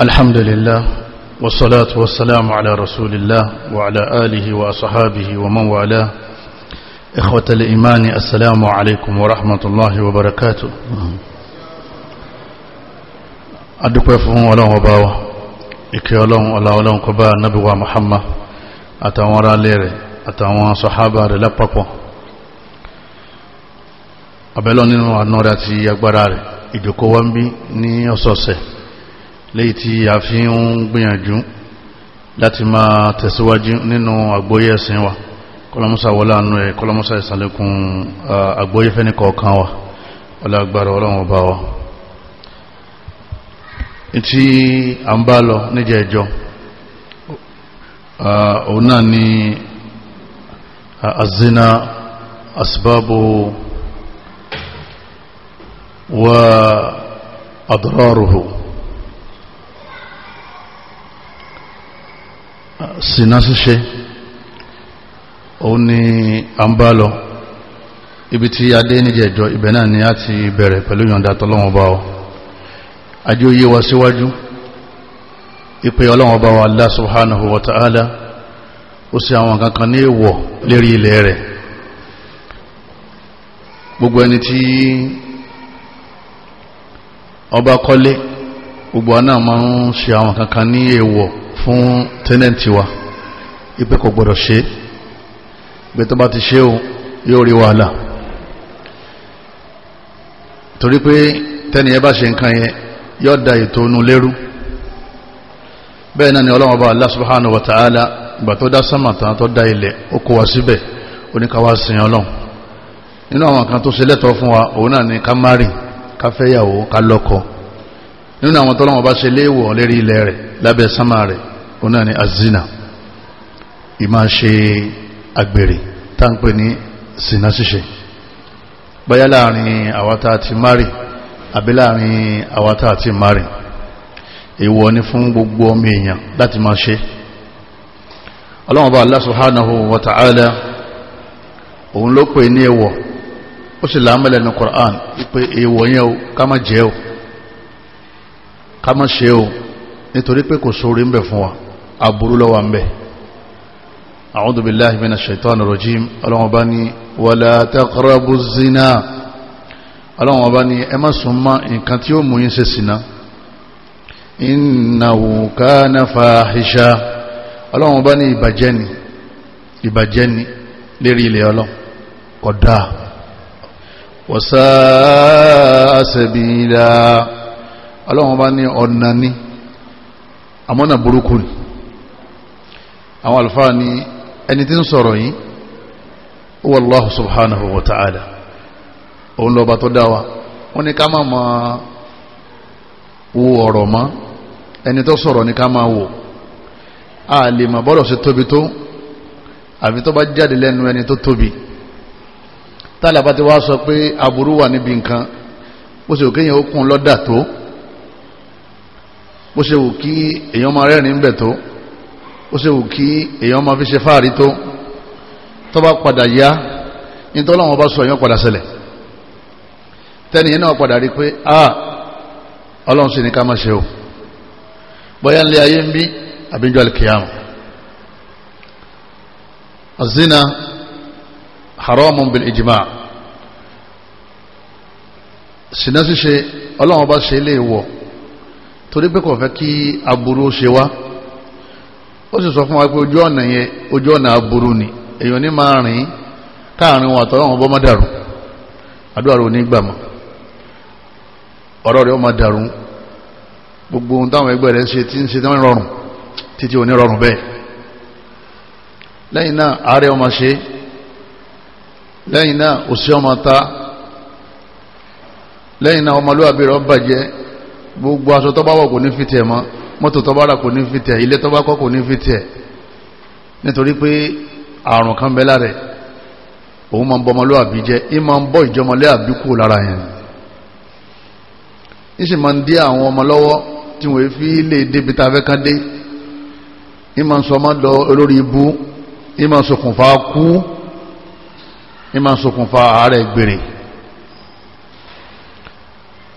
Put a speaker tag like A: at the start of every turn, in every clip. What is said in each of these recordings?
A: الحمد لله والصلاة والسلام على رسول الله وعلى آله وأصحابه ومن والاه إخوة الإيمان السلام عليكم ورحمة الله وبركاته adúpẹ́ fún ọlọ́run ọba wa ìkẹ́ ọlọ́run ọlá ọlọ́run kó bá nábì wa Muhammad àtàwọn ará ilé rẹ̀ àtàwọn sọ̀hábà rẹ̀ lápapọ̀ abẹ́lọ́ nínú àná rẹ̀ àti agbára rẹ̀ ìdòkó wa ń bí ní ọ̀sọ̀ọ̀sẹ̀ léyìí tí a fi ń gbìyànjú láti máa tẹ̀síwájú nínú àgbóyé ẹ̀sìn wa kọlọmọsá wọlá àánú ẹ kọlọmọsá ìsàlẹ̀kùn àgbóyé fẹ́ni kọ̀ọ̀kan wa ọlágbára ọlọ́run ọba wa sínà ṣíṣe òun ni a ń bá lọ ibi tí adé níjẹ̀jọ ibẹ̀ náà ni a ti bẹ̀rẹ̀ pẹ̀lú yọ̀ǹda tọ́lọ́wọ́n bá ọ ajé oyé wa síwájú ipe ọlọ́wọ́n bá wa Allah subhanahu wa ta'ala ó sì àwọn kankan ní èèwọ̀ lérí ilẹ̀ rẹ̀ gbogbo ẹni tí ọba kọ́lé gbogbo náà máa ń ṣe àwọn kankan ní èèwọ̀ fún tẹ́nẹ̀ntì wa ipẹ́ kò gbọ́dọ̀ ṣe gbé tó bá ti ṣe o yóò rí wàhálà torí pé tẹ́nìyẹ bá ṣe nǹkan yẹn yóò da ètò inú lérú bẹ́ẹ̀ náà ni Ọlọ́hun Ọba Allah subhanahu wa ta'ala ìgbà tó dá sánmà tó dá ilẹ̀ ó kó wa síbẹ̀ oníkàwá sin Ọlọ́hun nínú àwọn kan tó ṣe lẹ́tọ̀ọ́ fún wa òun náà ni ká márì ká fẹ́yàwó ká lọ́kọ̀ọ́ nínú àwọn tọ́lọ́wọ́n bá ṣe léèwọ̀ lérí ilẹ̀ rẹ̀ lábẹ́ sánmà rẹ̀ òun náà ni azina ìmá ṣe agbèrè tá ń pè ní sinna ṣíṣe báyá láàrin àwátá àti mari àbí láàrin àwátá àti mari èèwọ̀ ni fún gbogbo ọmọ èèyàn láti máa ṣe ọlọ́wọ́n bá Allah subhanahu wa ta'ala òun ló pè ní Qur'an pé èèwọ̀ yẹn o ká ká má ṣe o nítorí pé kò sórí ń bẹ̀ fún wa aburú lọ́wọ́ ń bẹ̀ a'udhu billahi minash shaitanir rajim ọlọ́wọ́n bá ní wala taqrabu zina ọlọ́wọ́n bá ní ẹ má sún mọ́ nǹkan tí ó mú yín ṣe sìnà innahu kana fahisha ọlọ́wọ́n bá ní ìbàjẹ́ ni lérí ilẹ̀ ọlọ́ kódà wasa sabila ọlọ́run bá ní ọ̀nà ní àmọ́nà burúkú ni àwọn alfáà ni ẹni tí ń sọ̀rọ̀ yìí wallahu subhanahu wa ta'ala òun lọ́ba tó dáwà wọ́n ní ká máa wo ọ̀rọ̀ mọ́ ẹni tó sọ̀rọ̀ ní ká máa wò a lè mọ̀ bọ́rọ̀ sí tóbi tó àfi tó bá jáde lẹ́nu ẹni tó tóbi tálàbá ti wá sọ pé aburú wà níbi nǹkan ó sì òkèèyàn ó kún lọ́dà tó bó ṣe wù kí èèyàn máa rẹ́rìn ń bẹ̀ tó bó ṣe wù kí èèyàn máa fi ṣe fáàrí tó tó bá padà yá nítorí bá sọ èèyàn padà sẹlẹ̀ tẹ́ni náà padà rí pé a ọlọ́run sì ní ká ṣe o bóyá ń lé ayé ń bí àbíjọ́ alìkìyàmù azina bil sinasi torí pé kò ki kí aburú ṣe wá ó sì sọ fún wa pé ojú ọ̀nà yẹn ojú ọ̀nà ni èèyàn ní máa rìn káàrin wọn àtọ́rọ̀ wọn bọ́ má dàrú àdúrà rẹ̀ ní gbà ọ̀rọ̀ rẹ̀ ó má gbogbo ohun táwọn ẹgbẹ́ rẹ̀ ṣe tí ń ṣe tí wọ́n rọrùn títí ò ní rọrùn bẹ́ẹ̀ lẹ́yìn náà àárẹ̀ ọmọ ṣe lẹ́yìn náà òṣì ọmọ ta lẹ́yìn náà ọmọlúwàbí rẹ̀ gbogbo aṣọ tó bá wọ̀ kò ní fi tiẹ̀ mọ́ mọ́tò tó bá rà kò ní fi tiẹ̀ ilé tó bá kọ́ kò ní fi tiẹ̀ nítorí pé àrùn kan bẹ́lá rẹ̀ òun máa ń bọmọlúàbí jẹ́ í máa ń bọ́ ìjọmọlúàbí kú lára yẹn ní sì máa ń dí àwọn ọmọ lọ́wọ́ tí wọ́n fi lè débi tá fẹ́ kán dé í máa ń sọ ọmọ lọ olórí ibú í máa ń ṣokùnfà kú í máa ń ṣokùnfà àárẹ̀ gbèrè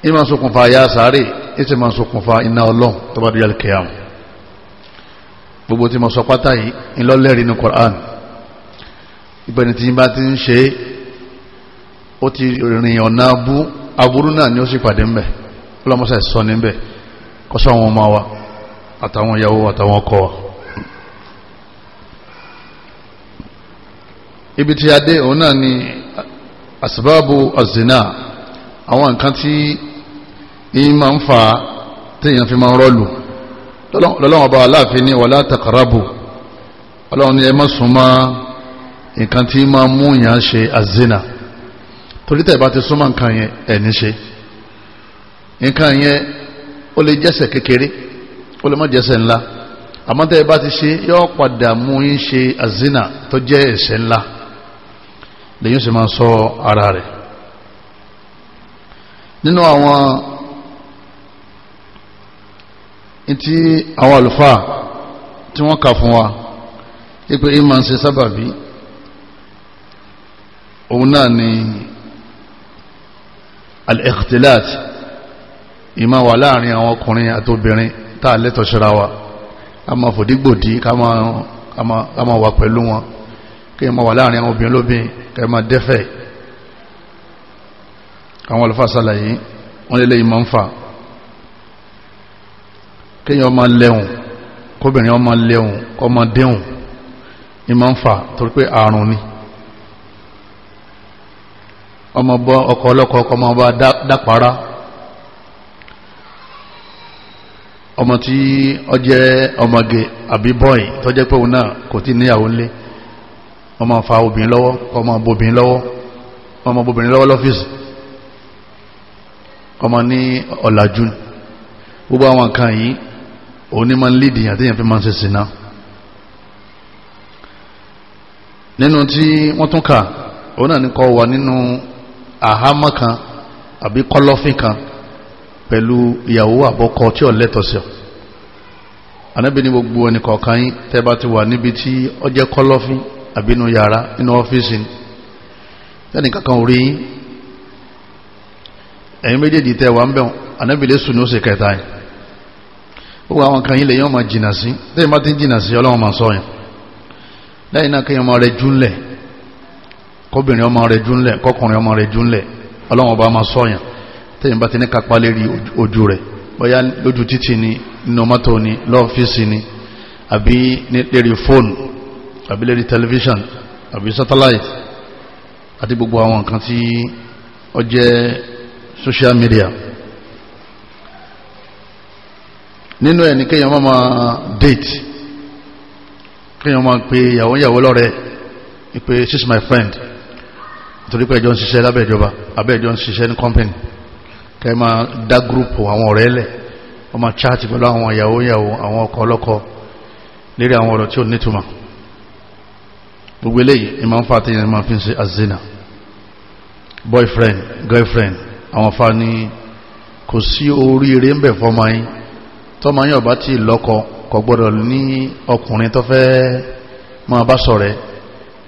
A: í máa ń ṣokùnfà yá sáré èsì máa ṣokùnfà iná ọlọ́run tó bá dúyàlì kẹyàmù gbogbo tí mo sọ pátá yìí ńlọ́lẹ́rìí ní Qur'an ìgbẹ̀ni tí bá ti ń ṣe ó ti rìn ọ̀nà aburú náà ni ó sì pàdé ńbẹ̀ ọlọ́mọsà ìsọ níbẹ̀ kọ́sọ́ àwọn ọmọ wa àtàwọn ìyàwó àtàwọn ọkọ wa ibi tí a dé òun náà ni asbabu azina àwọn nǹkan tí yìí máa ń fa téèyàn fi máa ń rọ́ọ̀lù lọ́lọ́wọ́n bá aláàfin ní wàlá takarabu ọlọ́run ní ẹ má súnmọ́ nǹkan tí máa mú yàn ṣe azina torí tẹ̀ bá ti súnmọ́ nǹkan yẹn ẹ̀ ní ṣe nǹkan yẹn ó lè jẹ́sẹ̀ kékeré ó lè má jẹ́sẹ̀ ńlá àmọ́ tẹ́ ẹ bá ti ṣe yọ́ padà mú yín ṣe àzínà tó jẹ́ ẹ̀ṣẹ̀ ńlá lèyìn sì máa sọ ara rẹ̀ nínú àwọn ntí àwọn àlùfáà tí wọ́n kà fún wa ipe ìmọ̀ ń ṣe sábàbí òun náà ni al-ikhtilat ìmọ̀ wà láàrin àwọn ọkùnrin àti obìnrin tá a lẹ́tọ̀ ṣera wa a máa fòdígbòdì ká máa wà pẹ̀lú wọn kí ìmọ̀ wà láàrin àwọn obìnrin lóbìn kí máa dẹ́fẹ̀ àwọn àlùfáà sàlàyé wọ́n lè lè ìmọ̀ ń fà kéèyàn ọmọ lẹ́hùn kóbìnrin ọmọ lẹ́hùn ọmọ déhùn ní máa ń fà torí pé àrùn ni ọmọ bọ́ ọkọ ọlọkọ ọkọ ọmọ bá dápara ọmọ tí ọ jẹ ọmọge àbí bọ́ì tó pé òun náà kò tí níyàwó ńlé ọmọ fa obìnrin ọmọ bobìnrin ọmọ bobìnrin ọmọ ní gbogbo àwọn nǹkan yìí òní máa ń lídì àtẹ́yàn fi máa ń ṣe sínà nínú tí wọ́n tún kà òun náà ní kọ́ wà nínú àhámọ́ kan àbí kọ́lọ́fín kan pẹ̀lú ìyàwó àbọ́kọ tí ò ní gbogbo ẹnì kọ̀ọ̀kan yín tẹ́ bá ti wà níbi tí ó jẹ́ kọ́lọ́fín àbí inú yàrá ọ́fíìsì ni tẹ́nì kankan ò rí yín ẹ̀yin méjèèjì tẹ́ wà ń bẹ̀wọ̀n gbogbo àwọn kan yìí lè yọ́n máa jìnà sí lẹ́yìn bá ti jìnà sí ọlọ́run máa sọ yẹn lẹ́yìn náà kéèyàn máa rẹ júnlẹ̀ kọ́bìnrin ọmọ rẹ júnlẹ̀ kọ́kùnrin ọmọ rẹ júnlẹ̀ ọlọ́run ọba máa sọ yẹn tẹ́yìn bá ti ní kápá lérí ojú rẹ̀ bóyá lójú títì ni inú mọ́tò ni lọ́ọ̀fíìsì ni àbí lérí fóònù àbí lérí tẹlifíṣàn àbí sátáláìtì àti gbogbo àwọn nǹkan tí ó jẹ́ social media. nínú ẹ̀ ní kéèyàn máa date kéèyàn máa pe ìyàwó ìyàwó lọ́rẹ̀ ìpè she's my friend nítorí pé ẹjọ́ ń ṣiṣẹ́ lábẹ́ ìjọba abẹ́ ẹjọ́ ń ṣiṣẹ́ ní company kẹ́ máa dá gúrùpù àwọn ọ̀rẹ́ lẹ̀ wọ́n máa chat pẹ̀lú àwọn ìyàwó ìyàwó àwọn ọkọ ọlọ́kọ azina boyfriend girlfriend àwọn fa ni kò sí oríire tọ́mọ yóò bá ti lọ́kọ kò gbọ́dọ̀ ní ọkùnrin tó fẹ́ máa bá ṣọ̀rẹ́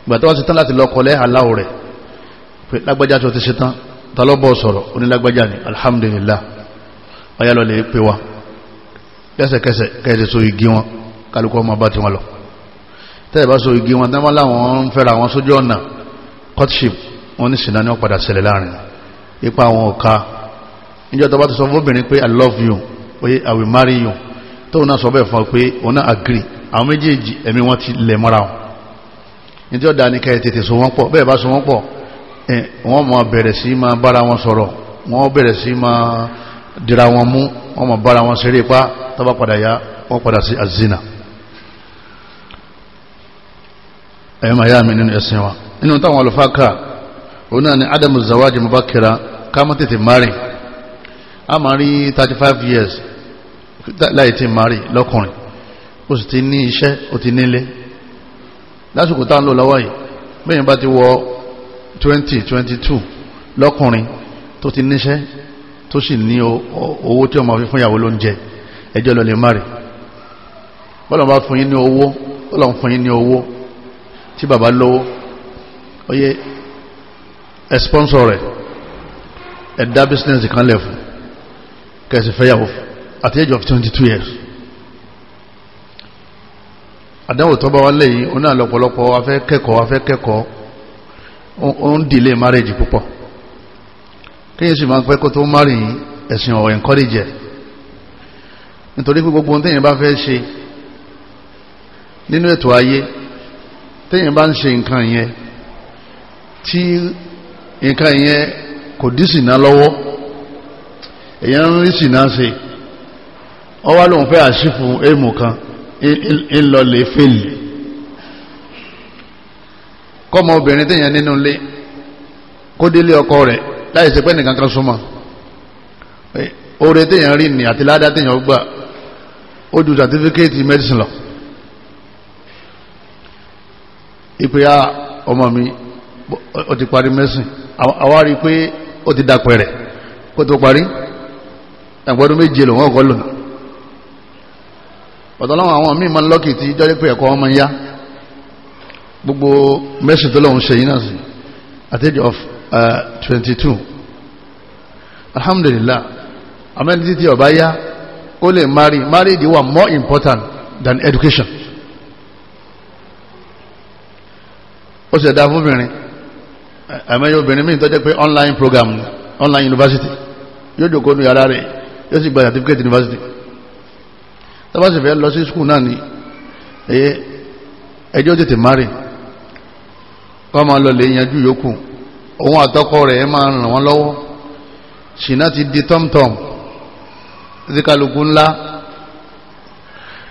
A: ìgbà tó wá ṣetán láti lọ́kọ lẹ́ aláwọ̀ rẹ̀ pé tó ti ṣetán ta sọ̀rọ̀ ó ni alhamdulillah ọyá lọ lè pè wá lẹ́sẹ̀kẹsẹ̀ kẹ́ẹ̀sẹ̀ so igi wọn kálukọ́ ọmọ bá ti wọn lọ tẹ́ẹ̀ bá so igi wọn tẹ́ wọ́n láwọn ipa àwọn ọ̀ka níjọ́ tó bá ti i love you pé I will marry you tóun náà sọ bẹ́ẹ̀ fún ọ pé òun náà agree àwọn méjèèjì ẹ̀mí wọn ti lẹ̀ mọ́ra wọn ní tí ó dá ní ká ẹ tètè so wọ́n pọ̀ bẹ́ẹ̀ bá so wọ́n pọ̀ wọ́n máa bẹ̀rẹ̀ sí máa bára wọn sọ̀rọ̀ wọ́n bẹ̀rẹ̀ sí máa dira wọn mú wọ́n máa bára wọn ṣeré pa tó bá padà yá azina ẹ̀yìn máa yá mi nínú ni adamu zawaji mubakira ká má tètè a máa rí 35 years láì tí máa rí lọ́kùnrin ó sì ti ní iṣẹ́ ó ti nílé lásìkò tá ń lò lọ́wọ́ yìí bẹ́yìn bá ti wọ 2022 lọ́kùnrin tó ti níṣẹ́ tó sì ní owó tí ó máa fi fún ìyàwó ló ń jẹ ẹjọ́ lọ lè má rí bọ́lọ̀ bá fún yín ní owó bọ́lọ̀ fún yín ní owó tí bàbá lówó ó yẹ ẹ̀spọ́nsọ̀ rẹ̀ ẹ̀dá bísínẹ́sì kan lẹ̀ fún kẹsì fẹ́yàwó at the age of 22 years àdánwò tó bá wá lẹ́yìn oní àlọ́pọ̀lọpọ̀ afẹ́ kẹ́kọ̀ọ́ afẹ́ kẹ́kọ̀ọ́ ó ń dìlé marriage púpọ̀ kíyàn sì máa pẹ́ kó tó márì ẹ̀sìn ọ̀ encourage nítorí pé gbogbo tẹ́yìn bá fẹ́ ṣe nínú ètò ayé tẹ́yìn bá ń ṣe nǹkan yẹn tí nǹkan yẹn kò dísìnà lọ́wọ́ èyàn ń rí sínà ṣe ọ wá lóun fẹ́ àṣífù èèmù kan ńlọlẹ̀ fèlì kọ́mọ obìnrin téèyàn nínú ilé kó délé ọkọ rẹ̀ láì ṣe pé nìkan kan súnmọ́ oore téèyàn rí ni àti ládá téèyàn gbà ó ju sàtífíkẹ́ẹ̀tì mẹ́dísìn lọ ìpè á ah, ọmọ mi ó ti parí mẹ́sìn àwárí pé ó ti dapẹ̀rẹ̀ kó tó parí ẹ̀gbọ́dún méje lòun ọ̀gọ́ lòun ọ̀tọ̀láwọn àwọn míì máa ń lọ́kì tí jọ́lé pé ẹ̀kọ́ ọmọ ya gbogbo mẹ́sìn tó lọ́hun ṣe yín náà sí at age of eh, twenty two alhamdulillah amẹ́ni títí ọba ya ó lè marry marriage wà more important than education ó sì ẹ̀dá fúnbìnrin ẹ̀mẹ́yẹ obìnrin míì tó pé online program online university yóò jòkó nu yàrá rẹ̀ yóò sì gba certificate university tọ́básì fẹ́ lọ sí skul náà ni ẹjọ́ tètè márì kọ́ máa lọ lè yanjú yòókù òun àtọ́kọ́ rẹ̀ máa ràn wọ́n lọ́wọ́ ṣìnà ti di tọ́mtọ́m ti kálukú ńlá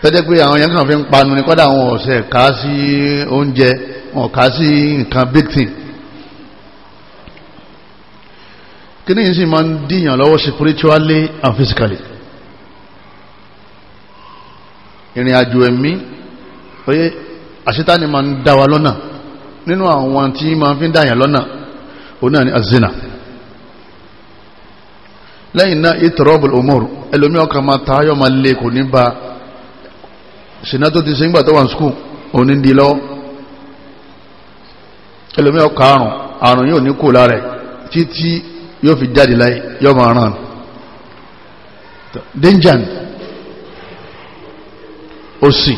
A: tọ́jẹ́ pé àwọn yẹn kàn fi ń panu ní kọ́dà àwọn ọ̀sẹ̀ kà á sí oúnjẹ wọn kà á sí nǹkan big thing kíní yìí sì máa ń díyàn lọ́wọ́ spiritually and physically ìrìn àjò ẹ̀mí oye àṣetáni máa ń dá wa lọ́nà nínú àwọn tí máa fi ń dáyàn lọ́nà òun náà ni azina lẹ́yìn náà itrọ́bùl omor ẹlòmí ọkà máa ta ayọ́ máa lè kò ní ba ṣìnà tó ti ṣe ńgbà tó wà ní skul òní di lọ́wọ́ ẹlòmí ọkà àrùn àrùn yóò ní kò lára ẹ̀ títí yóò fi jáde láyé yóò máa ràn dínjàn òsì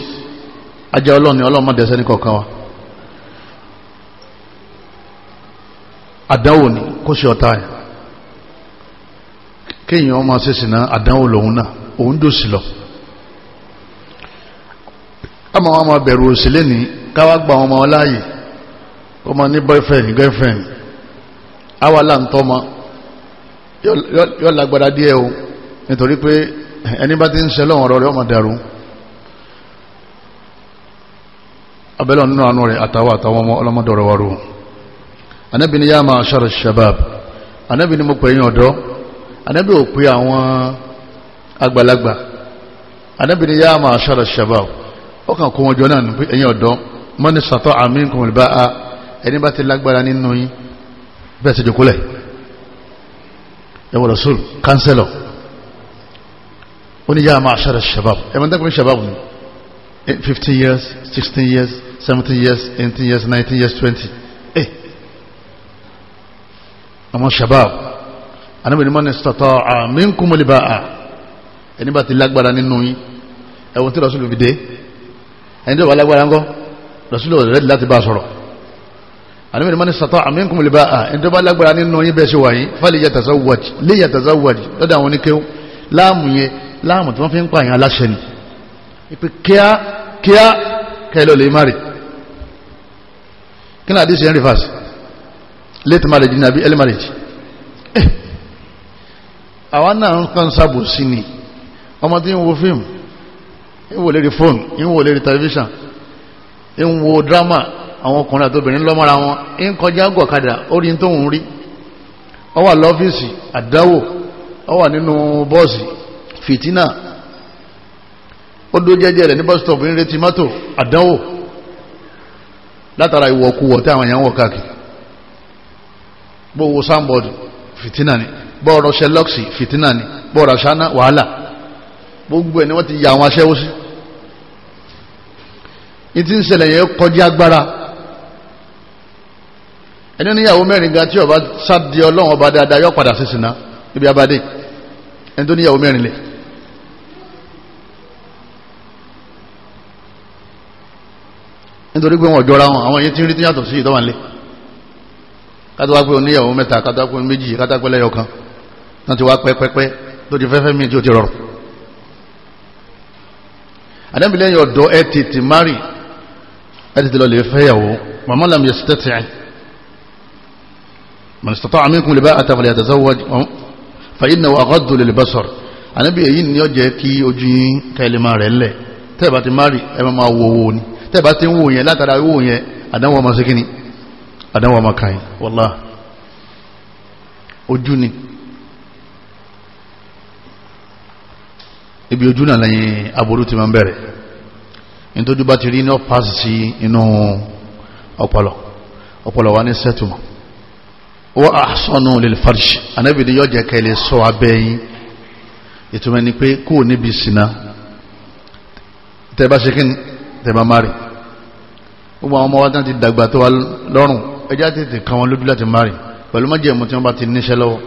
A: ajá ọlọ́ni ọlọ́mọdé ẹsẹ́ ní kọ̀ọ̀kan wa àdánwò ni kó ṣe ọ̀tá ẹ̀ kéèyàn ọmọ ṣèṣìnà àdánwò lòun náà òun dòsì lọ káma wọn máa bẹ̀rù òsì lẹ́ni káwá gba wọn máa ọmọ ní boyfriend girlfriend awàlá ń tọ́ máa yóò lágbára díẹ̀ o nítorí pé ẹni bá ti ń ṣe lọ́wọ́ ọ̀rọ̀ rẹ̀ ọmọ dẹ̀rù abẹ́lẹ̀ nínú àánú rẹ̀ àtàwọn àtàwọn ọmọ ọlọ́mọdọ̀rọ̀ wa rò ni yá ṣàrọ̀ shabab anábì ni mo pè yín ọ̀dọ́ anábì ò pè àwọn àgbàlagbà anábì ni yá máa ṣàrọ̀ shabab ó kàn kó wọn jọ náà nípa ẹ̀yin ọ̀dọ́ mọ́ni sàtọ́ àmì kùnrin bá a ẹni bá ti lágbára nínú yín bẹ́ẹ̀ sì jòkólẹ̀ ẹwọ rasul kánsẹ́lọ̀ ó ní yá máa ṣẹ́rẹ̀ shabab ẹ̀mọ́ dẹ́kùnrin shabab ni 15 eh, years 16 years 17 years 18 years 19 years 20 eh àwọn shabab anábìnrin mọ́ni sọ́tọ̀ àmínkùnmọ́lì bá a ẹni bá ti lágbára nínú yín ẹ̀wọ̀n tí rasul fi dé ẹni tó bá lágbára ńkọ́ rasul ọ̀rẹ́ láti bá sọ̀rọ̀ àníbẹ̀rẹ̀ mọ́ni sọ́tọ́ àmínkùn lè bá a ẹni tó bá lágbára nínú yín bẹ́ẹ̀ ṣe wà yín fàlì yàtàzáwàjì lè yàtàzáwàjì lọ́dọ̀ àwọn oníkéwù láàmù yẹn láàmù tí wọ́n fi ń pààyàn aláṣẹ ni ìpè kíá kíá kẹlẹ́ olè má kí náà àdìsí henry fass late marriage ní àbí early marriage eh. àwa náà ń kàn sábò sí ni ọmọ tí ń wo fíìmù ń wo lérí fóònù ń wo lérí tẹlifíṣàn ń wo dírámà àwọn ọkùnrin àtòbìnrin lọ́mọ́ra wọn ń kọjá gọ̀kadà orí tó ń rí ọ wà lọ́fíìsì àdáwò ọ wà nínú bọ́ọ̀sì fìtínà ó dó jẹ́jẹ́ rẹ̀ ní bus stop ń retí mọ́tò ni bó ọ̀rọ̀ ṣẹlọ́ọ̀sì ni bó ọ̀rọ̀ ṣáná wàhálà gbogbo ẹ̀ ni wọ́n ti ya àwọn aṣẹ́wó sí ní ń ṣẹlẹ̀ yẹn kọjá agbára ẹni níyàwó mẹ́rin ga tí ọba sáde ọlọ́run ọba dáadáa yọ padà sí sinna níbi abadé ẹni tó níyàwó mẹ́rin lè. nítorí pé wọn jọra wọn àwọn yẹn ti ń rí tí yàtọ̀ sí ìtọ́wà nílé kátó wá pé oníyàwó mẹ́ta kátó wá pé méjì kátó wá pé lẹ́yọ̀ kan náà ti wá pẹ́pẹ́pẹ́ tó ti fẹ́fẹ́ mi tí ó ti rọrùn. àdébìlẹ́yìn ọ̀dọ́ ẹ tètè mari ẹ tètè lọ lè fẹ́yàwó màmá làmì yẹ sí ẹ̀ man istata'a minkum al-ba'ata falyatazawwaj um, fa'innahu aghaddu lil-basar ànábì èyí ni ó jẹ́ kí ojú yín kẹlẹ́mà rẹ̀ lẹ̀ tẹ́ẹ̀bá ti márì ẹmọ máa wo owó ni tẹ́ẹ̀bá ti ń wò yẹn látara owó yẹn àdánwò ọmọ sí kíni àdánwò ọmọ kàáyì wallahi ojú ni ibi ojú náà lẹ́yìn aburú ti máa ń bẹ̀rẹ̀ nítorí bá ti rí ní ọ̀pá sí inú ọpọlọ ọpọlọ wa ní sẹ́tùmọ̀ wọ́n ahsanu lil farsh anábì ni yóò jẹ́ kẹ́ lè sọ abẹ́ yín ìtumọ̀ ni pé kúrò níbi sinna tẹ́ bá ṣe kí ni tẹ́ bá má rí gbogbo àwọn ọmọ wa tán ti dàgbà tó wa lọ́rùn ẹjá tètè kan wọn lójú láti márì pẹ̀lú májẹ̀mú tí wọ́n bá ti níṣẹ́ lọ́wọ́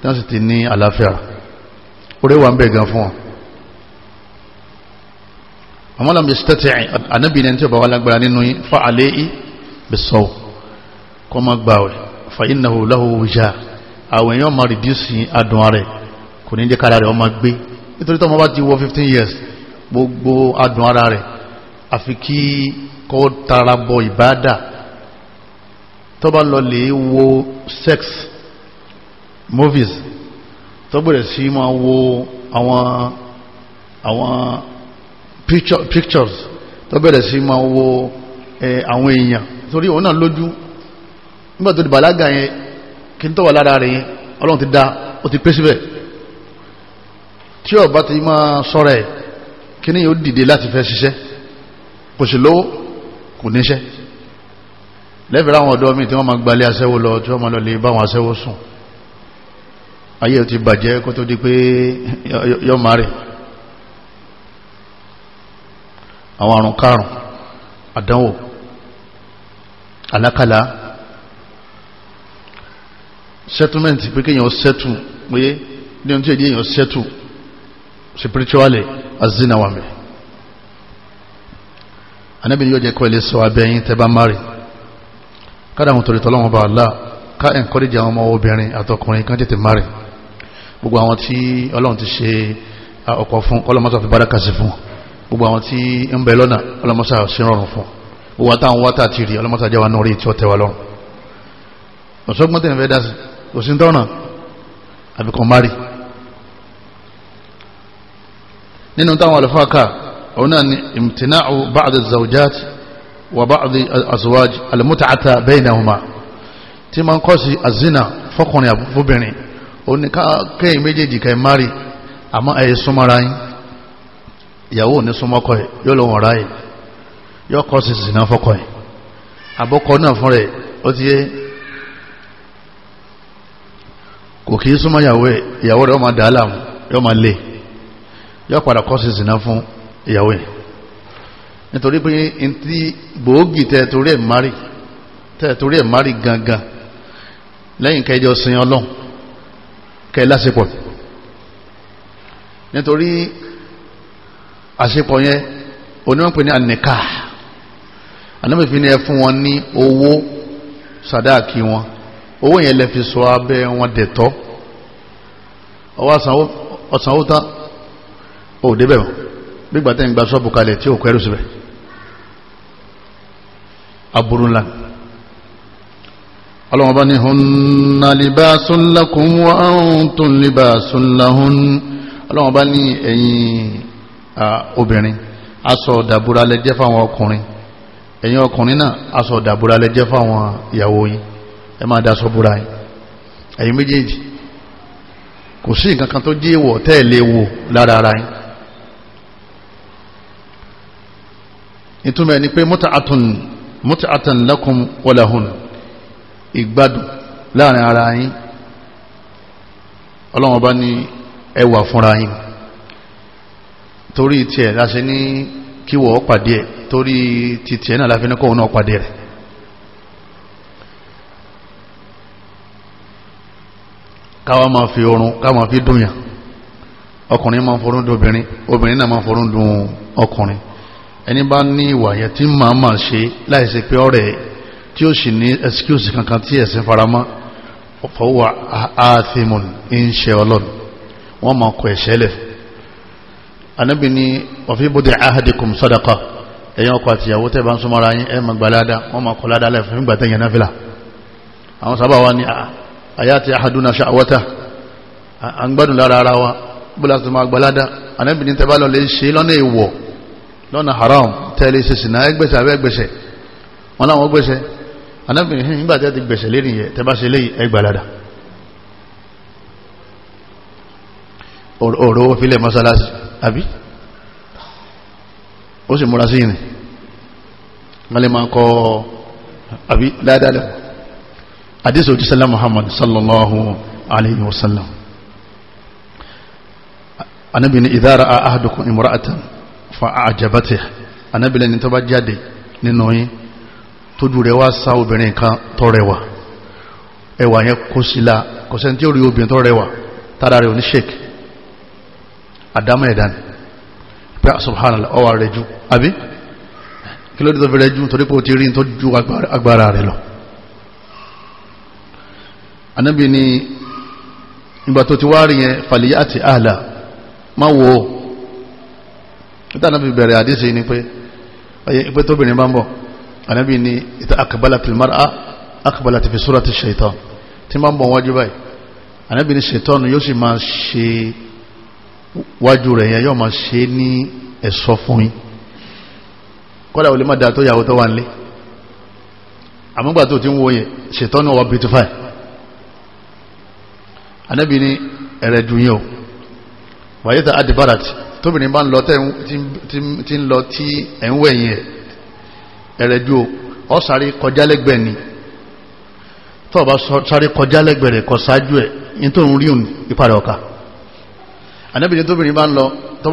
A: tí sì ti ní àlàáfíà orí wa ń bẹ̀ gan fún wọn àmọ́ làmì stẹ́tì ànábì ní ẹni tí ó bá wà lágbára nínú yín fa àlẹ́ yìí bẹ̀ sọ́ọ̀ kọ́ má gbà wẹ̀ fàyínàwó láwọ òjá àwọn èèyàn ma rìdíùsì adùn ààrẹ kò ní jẹ́ kára rẹ̀ ọmọ gbé nítorí tọ́mọ bá ti wọ 15 years gbogbo adùn ara rẹ̀ àfi kí kọ́ tara bọ ìbáadà tó bá wo sex movies tó bẹ̀rẹ̀ sí ma wo àwọn àwọn pictures tó bẹ̀rẹ̀ sí ma wo eh, àwọn èèyàn torí òun náà lójú nígbà tó di bàlágà yẹn kí n tọ́wà lára rẹ̀ yẹn ọlọ́run ti dá ó ti pé síbẹ̀ tí ọba ti máa sọ́ra ẹ̀ kí ni yóò dìde láti fẹ́ ṣiṣẹ́ kò sì lówó kò níṣẹ́ lẹ́bẹ̀rẹ̀ àwọn ọ̀dọ́ mi tí wọ́n máa gbalẹ̀ aṣẹ́wó lọ tí wọ́n máa lọ lè bá àwọn aṣẹ́wó sùn ayé ti bàjẹ́ kó tó di pé yọ máa rè àwọn àrùn karùn-ún àdánwò alákàlà settlement pé kéèyàn settle pé ní ohun tí èdè èèyàn settle spiritually azina wa mi anabi ni yóò jẹ́ kọ́ ilé sọ abẹ́yìn tẹ́ bá mari káàdà àwọn torí tọ́lọ́wọ́n bá Allah ká encourage àwọn ọmọ obìnrin àtọkùnrin kan tètè mari gbogbo àwọn tí ọlọ́run ti ṣe ọkọ fún ọlọ́mọsá fi bára kàṣì fún gbogbo àwọn tí ń bẹ lọ́nà ọlọ́mọsá ṣe rọrùn fún gbogbo àtàwọn wátà ti rí jẹ́ wa náà rí tí ó tẹ́wa lọ́rùn ọ̀ṣọ́gbọ́n tẹ̀lé fẹ́ dá sí kò sí tọ́nà àbíkan mari nínú táwọn alifáàkà òun náà ni imtina'u ba'di zawjat wa ba'di azwaj al-mut'ata baynahuma tí ma ń kọ́ sí azina fọ́kùnrin àbúfóbìnrin òun ni kéyìn méjèèjì kẹ́ mari àmọ́ ẹ̀yẹ súnmọ́ra yín ìyàwó ní súnmọ́kọ̀ ẹ̀ yóò lọ́wọ́n ráyè yóò kọ́ sí zina fọ́kọ̀ ẹ̀ náà fún rẹ̀ ó ti yé kò kí súnmọ́ ìyàwó ẹ̀ ìyàwó rẹ̀ ọmọ dàálà yọ ma lè yọ padà kọ́sì sínà fún ìyàwó ẹ̀ nítorí pé n tí gbòógì tẹ́ torí ẹ̀ mari tẹ́ torí ẹ̀ mari gangan lẹ́yìn kẹjọ sin ọlọ́n kẹ lásìpọ̀ nítorí àṣepọ̀ yẹn onímọ̀ ní ànìká ànábìfin ẹ fún wọn ní owó sàdáàkì wọn owó yẹn lẹ fi sọ abẹ́ wọn dẹ̀ tọ́ ọwọ́ ọ̀sánwó tán ò débẹ̀ wọn gbígbà tẹ́ ń gba sọ́ọ̀bù kalẹ̀ tí ò kẹrù síbẹ̀ aburú ńlá ọlọ́wọ́n bá ní hunna libasun wa antum libasun lahun ọlọ́wọ́n bá ní ẹ̀yin obìnrin aṣọ dàbúrà lẹ fáwọn ọkùnrin ẹ̀yin ọkùnrin náà aṣọ dàbúrà lẹ fáwọn ìyàwó yín ẹ máa da sọ búra yìí ẹ̀yin méjèèjì kò sí nǹkan kan tó jí èèwọ̀ tẹ́ẹ̀lé wo lára ara yìí ìtumọ̀ ni pé muta'atun muta'atan lakum walahun ìgbádùn láàrin ara yìí ọlọ́wọ́n bá ní ẹwà fúnra yìí torí tiẹ̀ láṣẹ ní kíwọ̀ pàdé ẹ̀ torí ti tiẹ̀ náà láfi káwa máa fi oorun káwa máa fi dùn yàn ọkùnrin máa forún dùn obìnrin obìnrin náà máa forún dùn ọkùnrin ẹni bá ní ìwà yẹn tí màá máa ṣe láìsí pé ọ̀rẹ́ tí ó sì ní ẹsikúùsì kankan tí ẹ̀sìn faramọ́ fọwọ́ ààtìmù ń ṣe ọlọ́run wọ́n máa kọ ẹ̀ṣẹ̀ lẹ̀ anábì ní wàfí bóde ahadikum sadaqa ẹ̀yìn ọkọ àtìyàwó tẹ́ bá ń súnmọ́ra yín ẹ̀ máa gbà ládàá wọ́n máa kọ ládàá lẹ̀ fún ìgbà náà fìlà àwọn sábà wá ní àyàtì àhàdúnà ṣàwọ́ta à ń gbádùn lára ara wa bóla tó máa gbalada anábìnrin tẹ́ bá lọ lè ṣe lọ́nà ìwọ̀ lọ́nà haram tẹ́lẹ̀ ṣe sìnà ẹgbẹ̀ṣẹ̀ abẹ́ gbẹ̀ṣẹ̀ wọn láwọn gbẹ̀ṣẹ̀ anábìnrin nígbà tẹ́ ti gbẹ̀ṣẹ̀ lérí yẹ tẹ́ bá ṣe àdísì òjísẹ́lá muhammad sallallahu alayhi wa sallam anábi ni idara a ahadukun imra'atan fa a ajabate anábi lẹni tó bá jáde nínú yín tójú rẹ̀ wá sá obìnrin kan tó rẹwà ẹwà yẹn kó sílá kò sẹ́ni tí ó rí obìnrin tó rẹwà tára rẹ̀ oní sheik adama subhanallah ọwà rẹ̀ ju àbí kí ló dé tó fi ju torípò ti rí tó ju agbára rẹ̀ lọ anábì ni ìgbà tó ti wá rí yẹn fàlìyà àti àhàlà má wo níta anábì bẹ̀rẹ̀ àdíṣe ni pé ayé ipé tóbìnrin bá ń bọ̀ anábì ni ìta àkàbálà tìlmára àkàbálà ti fi súra ti ṣètàn tí má ń bọ̀ wájú báyìí anábì ni ṣètàn yóò sì máa ṣe wájú rẹ̀ yẹn yóò máa ṣe ní ẹ̀ṣọ́ fún yín kọ́dà olè má da tó yàwó tó wà nílé àmúgbà tó ti ń wo yẹn ṣètàn náà wà beautify anábì ní ẹ̀rẹ̀ dùn yín o adibarat tóbìnrin bá ń lọ tí ń lọ tí ẹ̀ ń wẹ̀yìn ẹ̀ ẹ̀rẹ̀ dùn o ọ sáré kọjá lẹ́gbẹ̀ẹ́ ni tó o bá sáré kọjá lẹ́gbẹ̀ẹ́ rẹ̀ kọ ṣáájú ẹ̀ ní tó ń rí òun ìpadà ọ̀ka anábì ní tóbìnrin bá ń lọ tó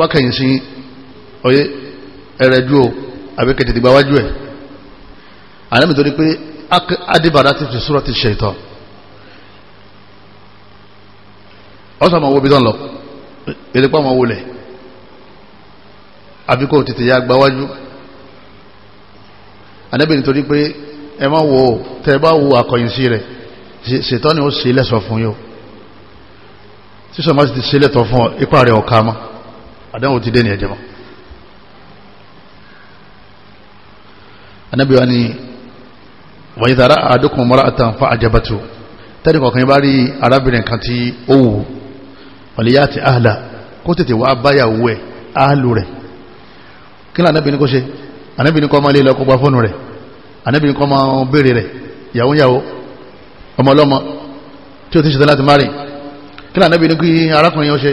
A: adibarat ti fi súrọ̀ ọ̀sán ma wo bí tán lọ ìrìpá ma wo lẹ̀ àbí kò tètè ya gbáwájú anábì nítorí pé ẹ má wo tẹ bá wo àkọyìn sí rẹ̀ ṣètọ́ ni ó ṣe lẹ́sọ̀ fún yóò sísọ má ti ṣe lẹ́tọ̀ fún ipá rẹ̀ ọ̀ka mọ́ àdánwò ti dé ní ẹ̀jẹ̀ mọ́ anábì wa ni wọ́n yìí àdókùn mọ́ra àtàǹfà àjẹbàtò tẹ́lẹ̀ kọ̀ọ̀kan yẹn bá rí arábìnrin kan tí ó wù ú ọ̀lẹ́yà àti àhàlà kó tètè wá báyàwó ẹ̀ áàlù rẹ̀ kí ní anábìnrin kó ṣe anábìnrin kọ́ máa lé lọ́kọ́ gba fóònù rẹ̀ anábìnrin kọ́ máa béèrè rẹ̀ yàwó yàwó ọmọ ọlọ́mọ tí ó ti ṣetán láti márìn kí ní anábìnrin kí arákùnrin yẹn ó ṣe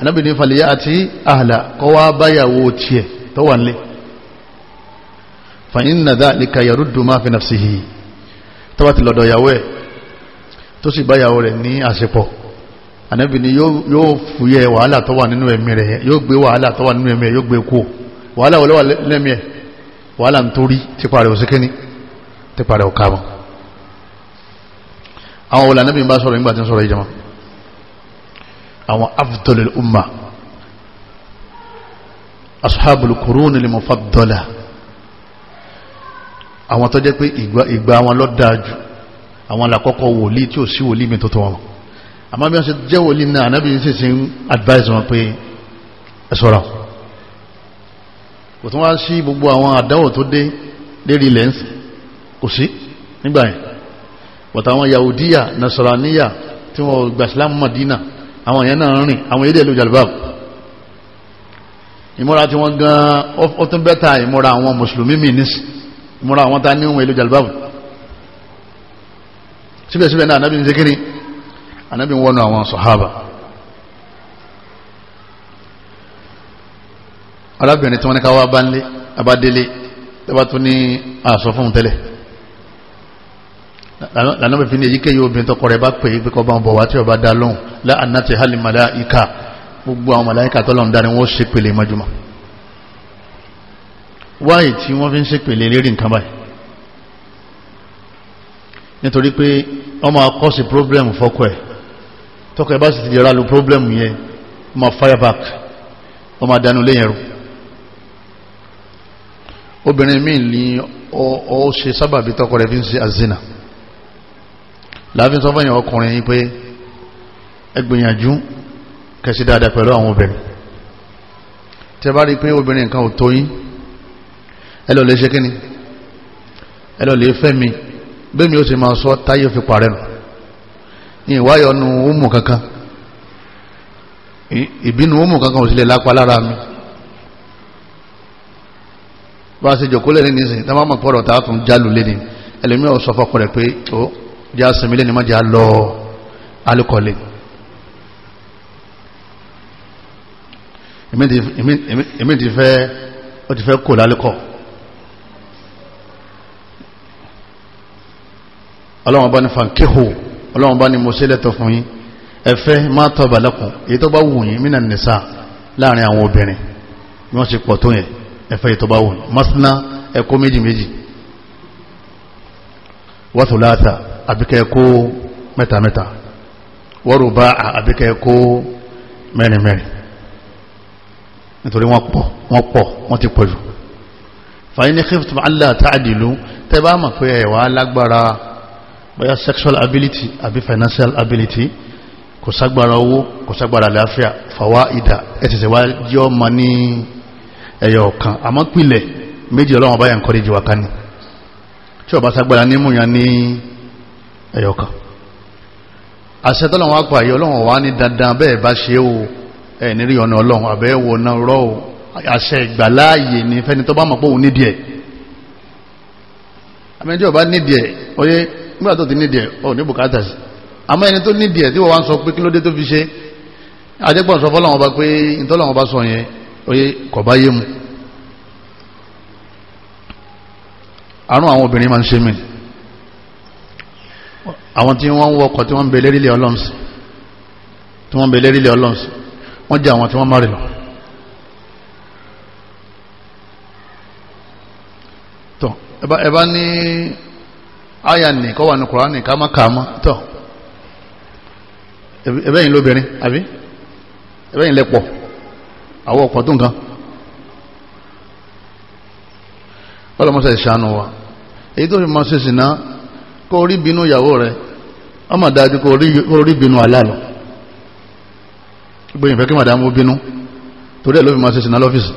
A: anábìnrin falẹ̀yà àti àhàlà kọ́ wá báyàwó tiẹ̀ tó wà nílé fàyín nà ànábì ni yóò fúyẹ́ wàhálà tó wà nínú ẹ̀mí rẹ̀ yóò gbé wàhálà tó wà nínú ẹ̀mí rẹ̀ yóò gbé kó wàhálà olówà lẹ́mí ẹ̀ wàhálà ń torí tipa rẹ̀ òsìkí ní rẹ̀ ọ̀ká àwọn olè ànábì bá sọ̀rọ̀ nígbà tí ń sọ̀rọ̀ ìjọba àwọn afdolil umma àmọ́ bí wọ́n ṣe jẹ́ wòlí náà anábì sì sí advice wọn pé ẹ sọ́ra kò tún wá sí gbogbo àwọn àdáwò tó dé lérí ilẹ̀ ń sì kò sí nígbà yẹn àwọn yahudiya nasaraniya tí wọ́n gba islam madina àwọn èèyàn náà rìn àwọn èdè ìlú jalbab ìmúra tí wọ́n gan ó tún bẹ́ta ìmúra àwọn mùsùlùmí mi nísì ìmúra àwọn ta ní ohun èlò jalbab síbẹ̀síbẹ̀ náà anábì ń anábì ń wọnú àwọn sọ̀hábà alábìnrin tí wọ́n ní ká wá bá ń lé abádélé tẹ́bá tó ní àṣọ fún tẹ́lẹ̀ lànàbì fi ní èyíkéyìí obìnrin tó kọrẹ bá pè é pé kọ́ bá ń bọ̀ wá tí ọba dá lóhùn láàánà ti hálì gbogbo àwọn màláìka tọ́lọ̀ ń wọ́n ṣe pèlè mọ́júmọ́ wáyé tí wọ́n fi ń ṣe pèlè lérí nǹkan báyìí nítorí pé ọmọ akọ́sí problem fọ́kọ̀ ẹ̀ tọ́kọ̀ ẹ bá sì ti lè rálù problem yẹn ma fireback o ma dánú léyẹ̀rù obìnrin míì ní ọ ṣe sábàbí tọ́kọ̀ rẹ̀ fi ń ṣe azina láàfin sọ́fẹ́yìn ọkùnrin yí pé ẹgbìyànjú kẹsí dáadáa pẹ̀lú àwọn obìnrin tẹ bá rí pé obìnrin nǹkan ò tóyín ẹlọ lè ṣe kíni ẹlọ lè fẹ́ mi bẹ́ẹ̀ mi ó sì máa sọ táyé fi parẹ́ nù ìwáyọnu umu kankan ìbínú umu kankan ò sílẹ̀ lápá lára mi bá a ṣe jòkó lẹ́ni nísìnyí tá a máa mọ̀ pọ̀rọ̀ tá a tún jálù lẹ́ni ẹlẹ́mìí ò sọ fọkọ rẹ̀ pé ó jẹ́ àsìnmí lẹ́ni má jẹ́ à lọ alukọ̀lẹ̀ èmi ti fẹ́ ó ti fẹ́ kó lálùkọ̀ ọlọ́wọ́n bá ní fankéhò ọlọ́run bá ní mo ṣe lẹ́tọ̀ fún yín ẹfẹ́ má tọ́bà lọ́kùn èyí tó bá wù yín mínà nìsà láàrin àwọn obìnrin bí wọ́n ṣe pọ̀ tó yẹn ẹfẹ́ èyí tó bá wù yín masna ẹkó méjì méjì wàtúláàtà àbíkẹ́ ẹkó mẹ́ta mẹ́ta wọ́rùbá àbíkẹ́ ẹkó mẹ́rin mẹ́rin nítorí wọ́n pọ̀ wọ́n pọ̀ wọ́n ti pọ̀ jù fàyín ní kíftùm allah ta'adilu tẹ́ bá mọ̀ pé ẹ̀wà lágbára bóyá sexual ability àbí financial ability kò ságbára owó kò ságbára àlàáfíà fàwa ìdá ẹ̀sẹ̀sẹ̀ wá jẹ́ ọmọ ní ẹ̀yọ̀ ọ̀kan àmọ́ pìlẹ̀ méjì ọlọ́wọ́n báyà ń kọ́ díjì wákà ní tí ọba ságbára nímú yan ní ẹ̀yọ̀ ọ̀kan àṣẹ tọ́lọ́wọ́n apà yìí ọlọ́wọ́n wá ní dandan bẹ́ẹ̀ bá ṣe o ẹ̀ ọlọ́wọ́n nígbà tó ti nídìí ẹ̀ ò ní bùkátà sí àmọ́ ẹni tó nídìí ẹ̀ tí wọ́n wá ń sọ pé kí ló dé tó fi ṣe àjẹgbọ́n sọ fọ́lọ́wọ́n bá pé ìtọ́lọ́wọ́n bá sọ yẹn oyè kò bá yé mu àrùn àwọn obìnrin máa ń ṣe mí àwọn tí wọ́n ń wọkọ̀ tí wọ́n ń bẹ lérílẹ̀ ọlọ́msì tí wọ́n ń bẹ lérílẹ̀ ọlọ́msì wọ́n jẹ́ àwọn tí wọ́n márì lọ tọ́ ẹ̀bá ní aya nì kọ́ wà ní kùránì ká má kà á mọ́ tọ́ ẹbẹ́ lóbìnrin àbí ẹbẹ́ lẹ́pọ̀ àwọn ọ̀pọ̀ tó nǹkan ọlọ́mọsẹ̀ ìṣàánú wa èyí tó fi máa ṣe sìnà kó rí bínú ìyàwó rẹ̀ ọmọ dájú kó rí bínú aláàlọ́ ìfẹ́ kí bínú torí ẹ̀ ló ṣe lọ́fíìsì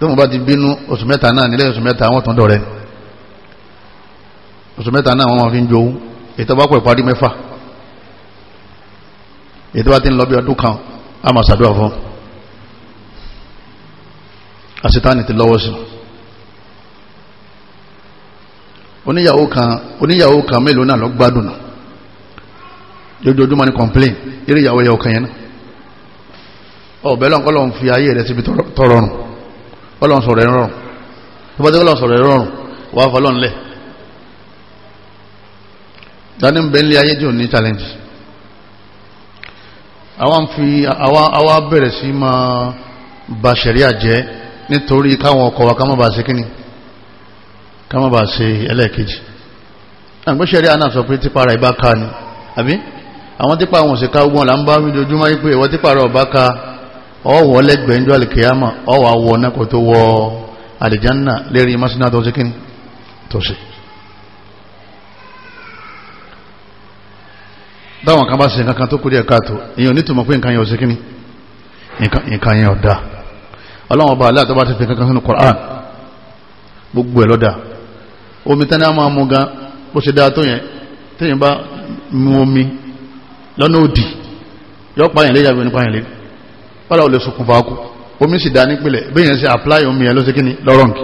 A: tó wọn bá ti bínú oṣù mẹ́ta náà nílẹ̀ oṣù mẹ́ta wọn tún dọ̀rẹ́ ni oṣù mẹ́ta náà wọn máa fi ń jowó ètò bá pọ̀ ìparí mẹ́fà ètò bá ti ń lọ bí ọdún kan a máa ṣàdúrà fún àṣetáni ti lọ́wọ́ sí oníyàwó kan oníyàwó kan mélòó náà lọ gbádùn náà lójoojúmọ́ ni complain eré ìyàwó ẹ̀yà ọ̀kan yẹn náà ọ̀bẹ̀ lọ́nkọ́ fi ayé rẹ̀ síbi tọrọrùn ọlọ́run sọ̀rọ̀ ẹ̀rọ rọrùn tó bá dé ọlọ́run sọ̀rọ̀ ẹ̀rọ rọrùn wà á fọlọ́run lẹ̀ dání bẹ́ńlẹ̀ ayé tí ò ní challenge àwọn fi àwa bẹ̀rẹ̀ sí máa ba ṣẹ̀ríà jẹ́ nítorí káwọn ọkọ̀ wa ká má ba ṣe kíni ká má ba ṣe ẹlẹ́ẹ̀kejì àgbẹ̀ ṣẹ̀ríà náà sọ pé tipa ara ìbá ka ni àbí àwọn tipa àwọn òṣèká gbọ́n là ń bá wí lójúmọ́ yí ìwọ tipa ara ọ̀bá ka ọwọ́ lẹ́gbẹ̀ẹ́ ìjọ alìkìyàmà ọwọ́ awọ nákọ̀ tó wọ alìjánà lérí masina tó sí kíní tó sí dáwọn kan bá sí nǹkan tó kúrò ẹ̀kàtò èyàn nítumọ̀ pé nǹkan yẹn ò sí nǹkan yẹn ọ̀dá ọlọ́wọ́n bá aláàtọ́ bá ti fi kankan sínú Qur'an gbogbo ẹ̀ lọ́dà omi tẹ́ni a máa mú gan bó ṣe dáa tó yẹn téèyàn bá mu omi lọ́nà òdì yọ́ pààyàn lé yàgbẹ́ nípa yàn lé kọ́lá ò lè ṣokùnfà kú omi sì dá nípìnlẹ̀ bẹ́yẹn sí apply omi ẹ̀ ló sí kíní lọ́rọ̀nkì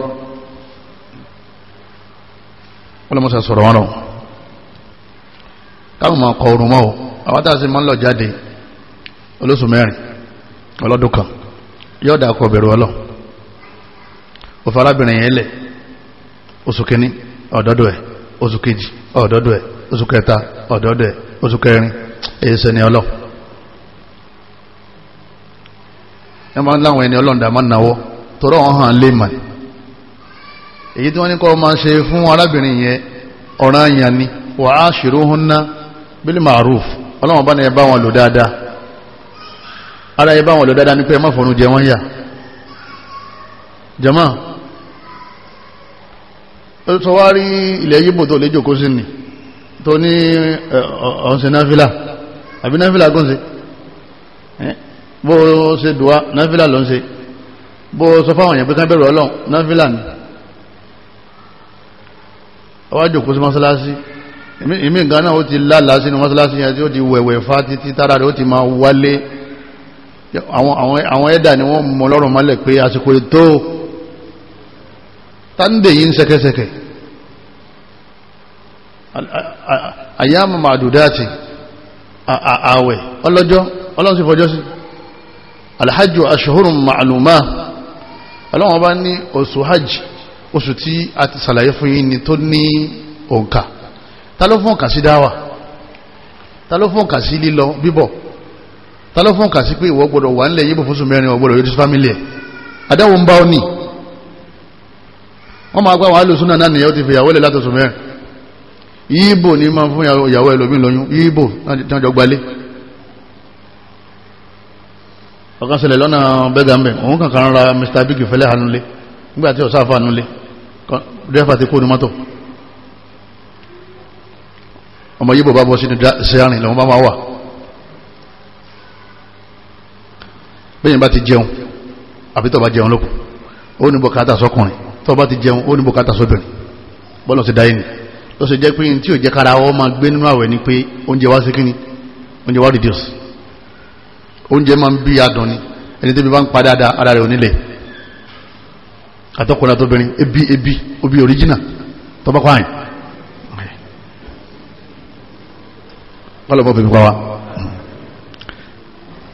A: ọlọ́mọsà sọ̀rọ̀ wọn náà káwọn máa kọ orun mọ́ o àwọn tá a sì máa ń lọ jáde olóṣù mẹ́rin ọlọ́dún kan yóò dà kọ bẹ̀rù ọlọ́ òfin arábìnrin yẹn lẹ̀ oṣù kíní ọ̀dọ́dọ̀ ẹ̀ oṣù kejì ọ̀dọ́dọ̀ ẹ̀ oṣù kẹta ọ̀dọ́dọ̀ ẹ̀ oṣù kẹrin èyí sẹ́ni ọlọ́ọ̀ ẹ máa ń láwọn ẹni ọlọ́ọ̀dà máa náwó tọ́rọ wọn hàn lè mà èyí tí wọ́n ní kọ́ máa ṣe fún arábìnrin yẹn ọ̀ràn yàn ni wa ashiruhunna bil ma'ruf ọlọ́wọ́n bá ní ẹ bá wọn lò dáadáa ara ẹ bá wọn lò dáadáa ní pé ẹ má fọnú jẹ wọ́n yà jama ó sọ wá rí ilẹ̀ yíbò tó lè jòkó sí ni tó ní ọ̀sẹ̀ náfìlà àbí náfìlà gúnṣe bó ṣe dùwá náfílà ló ń ṣe bó sọ fáwọn èèyàn pé kán bẹ̀rù ọlọ́run náfílà ni ọwájú kó sí mọ́sálásí ìmí nǹkan náà ó ti lálàá sínú mọ́sálásí yẹn tí ó ti wẹ̀wẹ̀ fá títí tára rẹ̀ ó ti máa wálé àwọn ẹ̀dà ni wọ́n mọ lọ́rùn mọ́lẹ̀ pé àsìkò ètò táǹdè yìí ń ṣẹ̀kẹ̀ṣẹ̀kẹ̀ àyàmù màdùdá àti ààwẹ̀ ọlọ́jọ́ ọlọ́sìn fọjọ́ sí alhajj ashhurun ma'luma ọlọ́wọ́n bá ní oṣù hajj oṣù tí a ti sàlàyé fún yín ni tó ní òǹkà ta ló fún òǹkà sí dáwà ta ló fún òǹkà sí lílọ bíbọ̀ ta ló fún òǹkà sí pé ìwọ gbọdọ̀ wà nílẹ̀ yíbò fóṣù mẹ́rin o yóò fámílì ẹ̀ adáwọn bá ó ní wọ́n máa gbá wọn alùsùn náà ní ọkàn ṣẹlẹ̀ lọ́nà bẹ́gàmbẹ̀ òun kàn kàn ra mr big fẹ́lẹ́ hanulé nígbàtí ọ̀sá fanulé dẹ́fà ti kó ní mọ́tò ọmọ yíbò bá bọ́ sí ní sẹ́rìn lọ́wọ́ bá máa wà bẹ́yìn bá ti jẹun àbí tọ́ bá jẹun lókù ó ní bùkátà sọkùnrin tọ́ ti jẹun ó ní bùkátà sóbìnrin bọ́lọ̀ ti dáyé ni lọ́sọ̀ jẹ́ pé tí ò jẹ́ kára ọ máa gbé nínú àwẹ̀ ni pé oúnjẹ wá sí kíní oúnjẹ wá reduce oúnjẹ máa ń bí adùn ni ẹni tẹ́bi bá ń pa dáadáa ara rẹ̀ onílẹ̀ àtọkùnrin àtọbìnrin ebi ebi obi original tọ́bọ́kọ́ àyìn wọ́n lọ bọ́ bèbí pa wa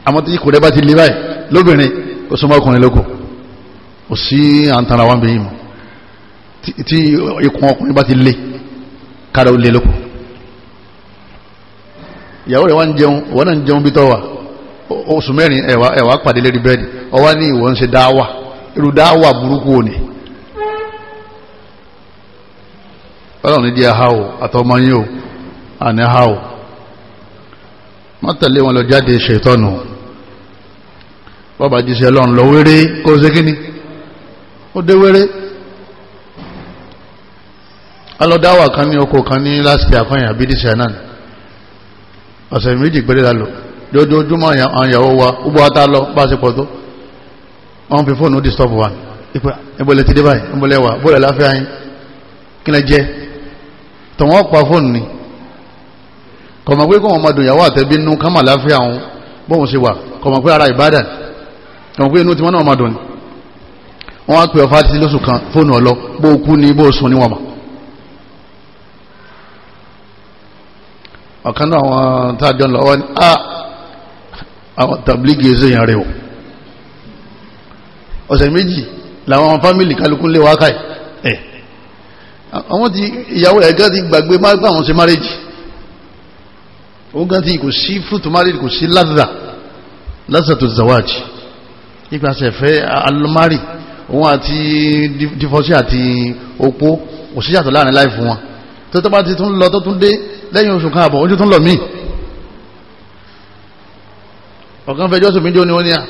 A: àmọ́ tí kò rẹ bá ti lé báyìí lóbìnrin ó sọ mọ́kùnrin lóko ò sí àǹtara wa ń bẹ̀yìn tí ikùn ọkùnrin bá ti lé kára ó lé lóko ìyàwó rẹ̀ wá ń jẹun ìwọ náà ń jẹun bí tọ́ oṣù mẹ́rin ẹ̀wà ẹ̀wà pàdé lérí bẹ́ẹ̀dì ọwá ní ìwọ ń ṣe dáwà irú dáwà burúkú òní ọlọ́run ní di aha o àtọmọ yín o àní aha o mọ́tàlé wọn lọ jáde ṣètọ́nù bọ́bá jíṣẹ́ lọ́n lọ wéré kó ṣe kíní ó dé wéré alọ́dáwà kan ní oko kan ní last year kan yà bí díṣẹ́ náà ọ̀sẹ̀ méjì péré lálọ́ lójoojúmọ́ àyàwó wa gbogbo ata lọ bá ṣe pọ̀ tó wọ́n fi fóònù disturb wa ìbọ̀lẹ̀ ti dé báyìí ìbọ̀lẹ̀ wà bọ́ọ̀lẹ̀ láfíà yín kí lẹ jẹ́ tọ̀wọ́n pa fóònù ni kọ̀mọ̀ pé kọ́mọ̀ ọmọdún ìyàwó àtẹ́bí nú kámà láfíà wọn bóun ṣe wà kọ̀mọ̀ pé ara Ìbàdàn kọ̀mọ̀ pé inú tiwọn náà ọmọdún ni wọ́n á pè ọ̀kan náà àwọn táàjọ ńlọ wọ́n ni ah àwọn tàbílígì ẹsẹ̀ yàn rẹ̀ o ọ̀sẹ̀ méjì làwọn fámìlì kálukú lé wákàí ẹ̀ àwọn ti ìyàwó ẹ̀gá ti gbàgbé má gbà wọn ṣe márèjì òun gan ti kò sí fúrútù márèjì kò sí ládà lásà tó zawaji nípasẹ̀ fẹ́ alọ́márì òun àti dífọ́sí àti opó òṣìṣàtọ̀ láàrin láì fún wọn tó tọ́ bá ti tún lọ tó tún dé lẹ́yìn oṣù kan àbọ̀ ojú tún lọ míì ọ̀kan fẹ́ jọ́sùn méjì ó ní wọ́n ní à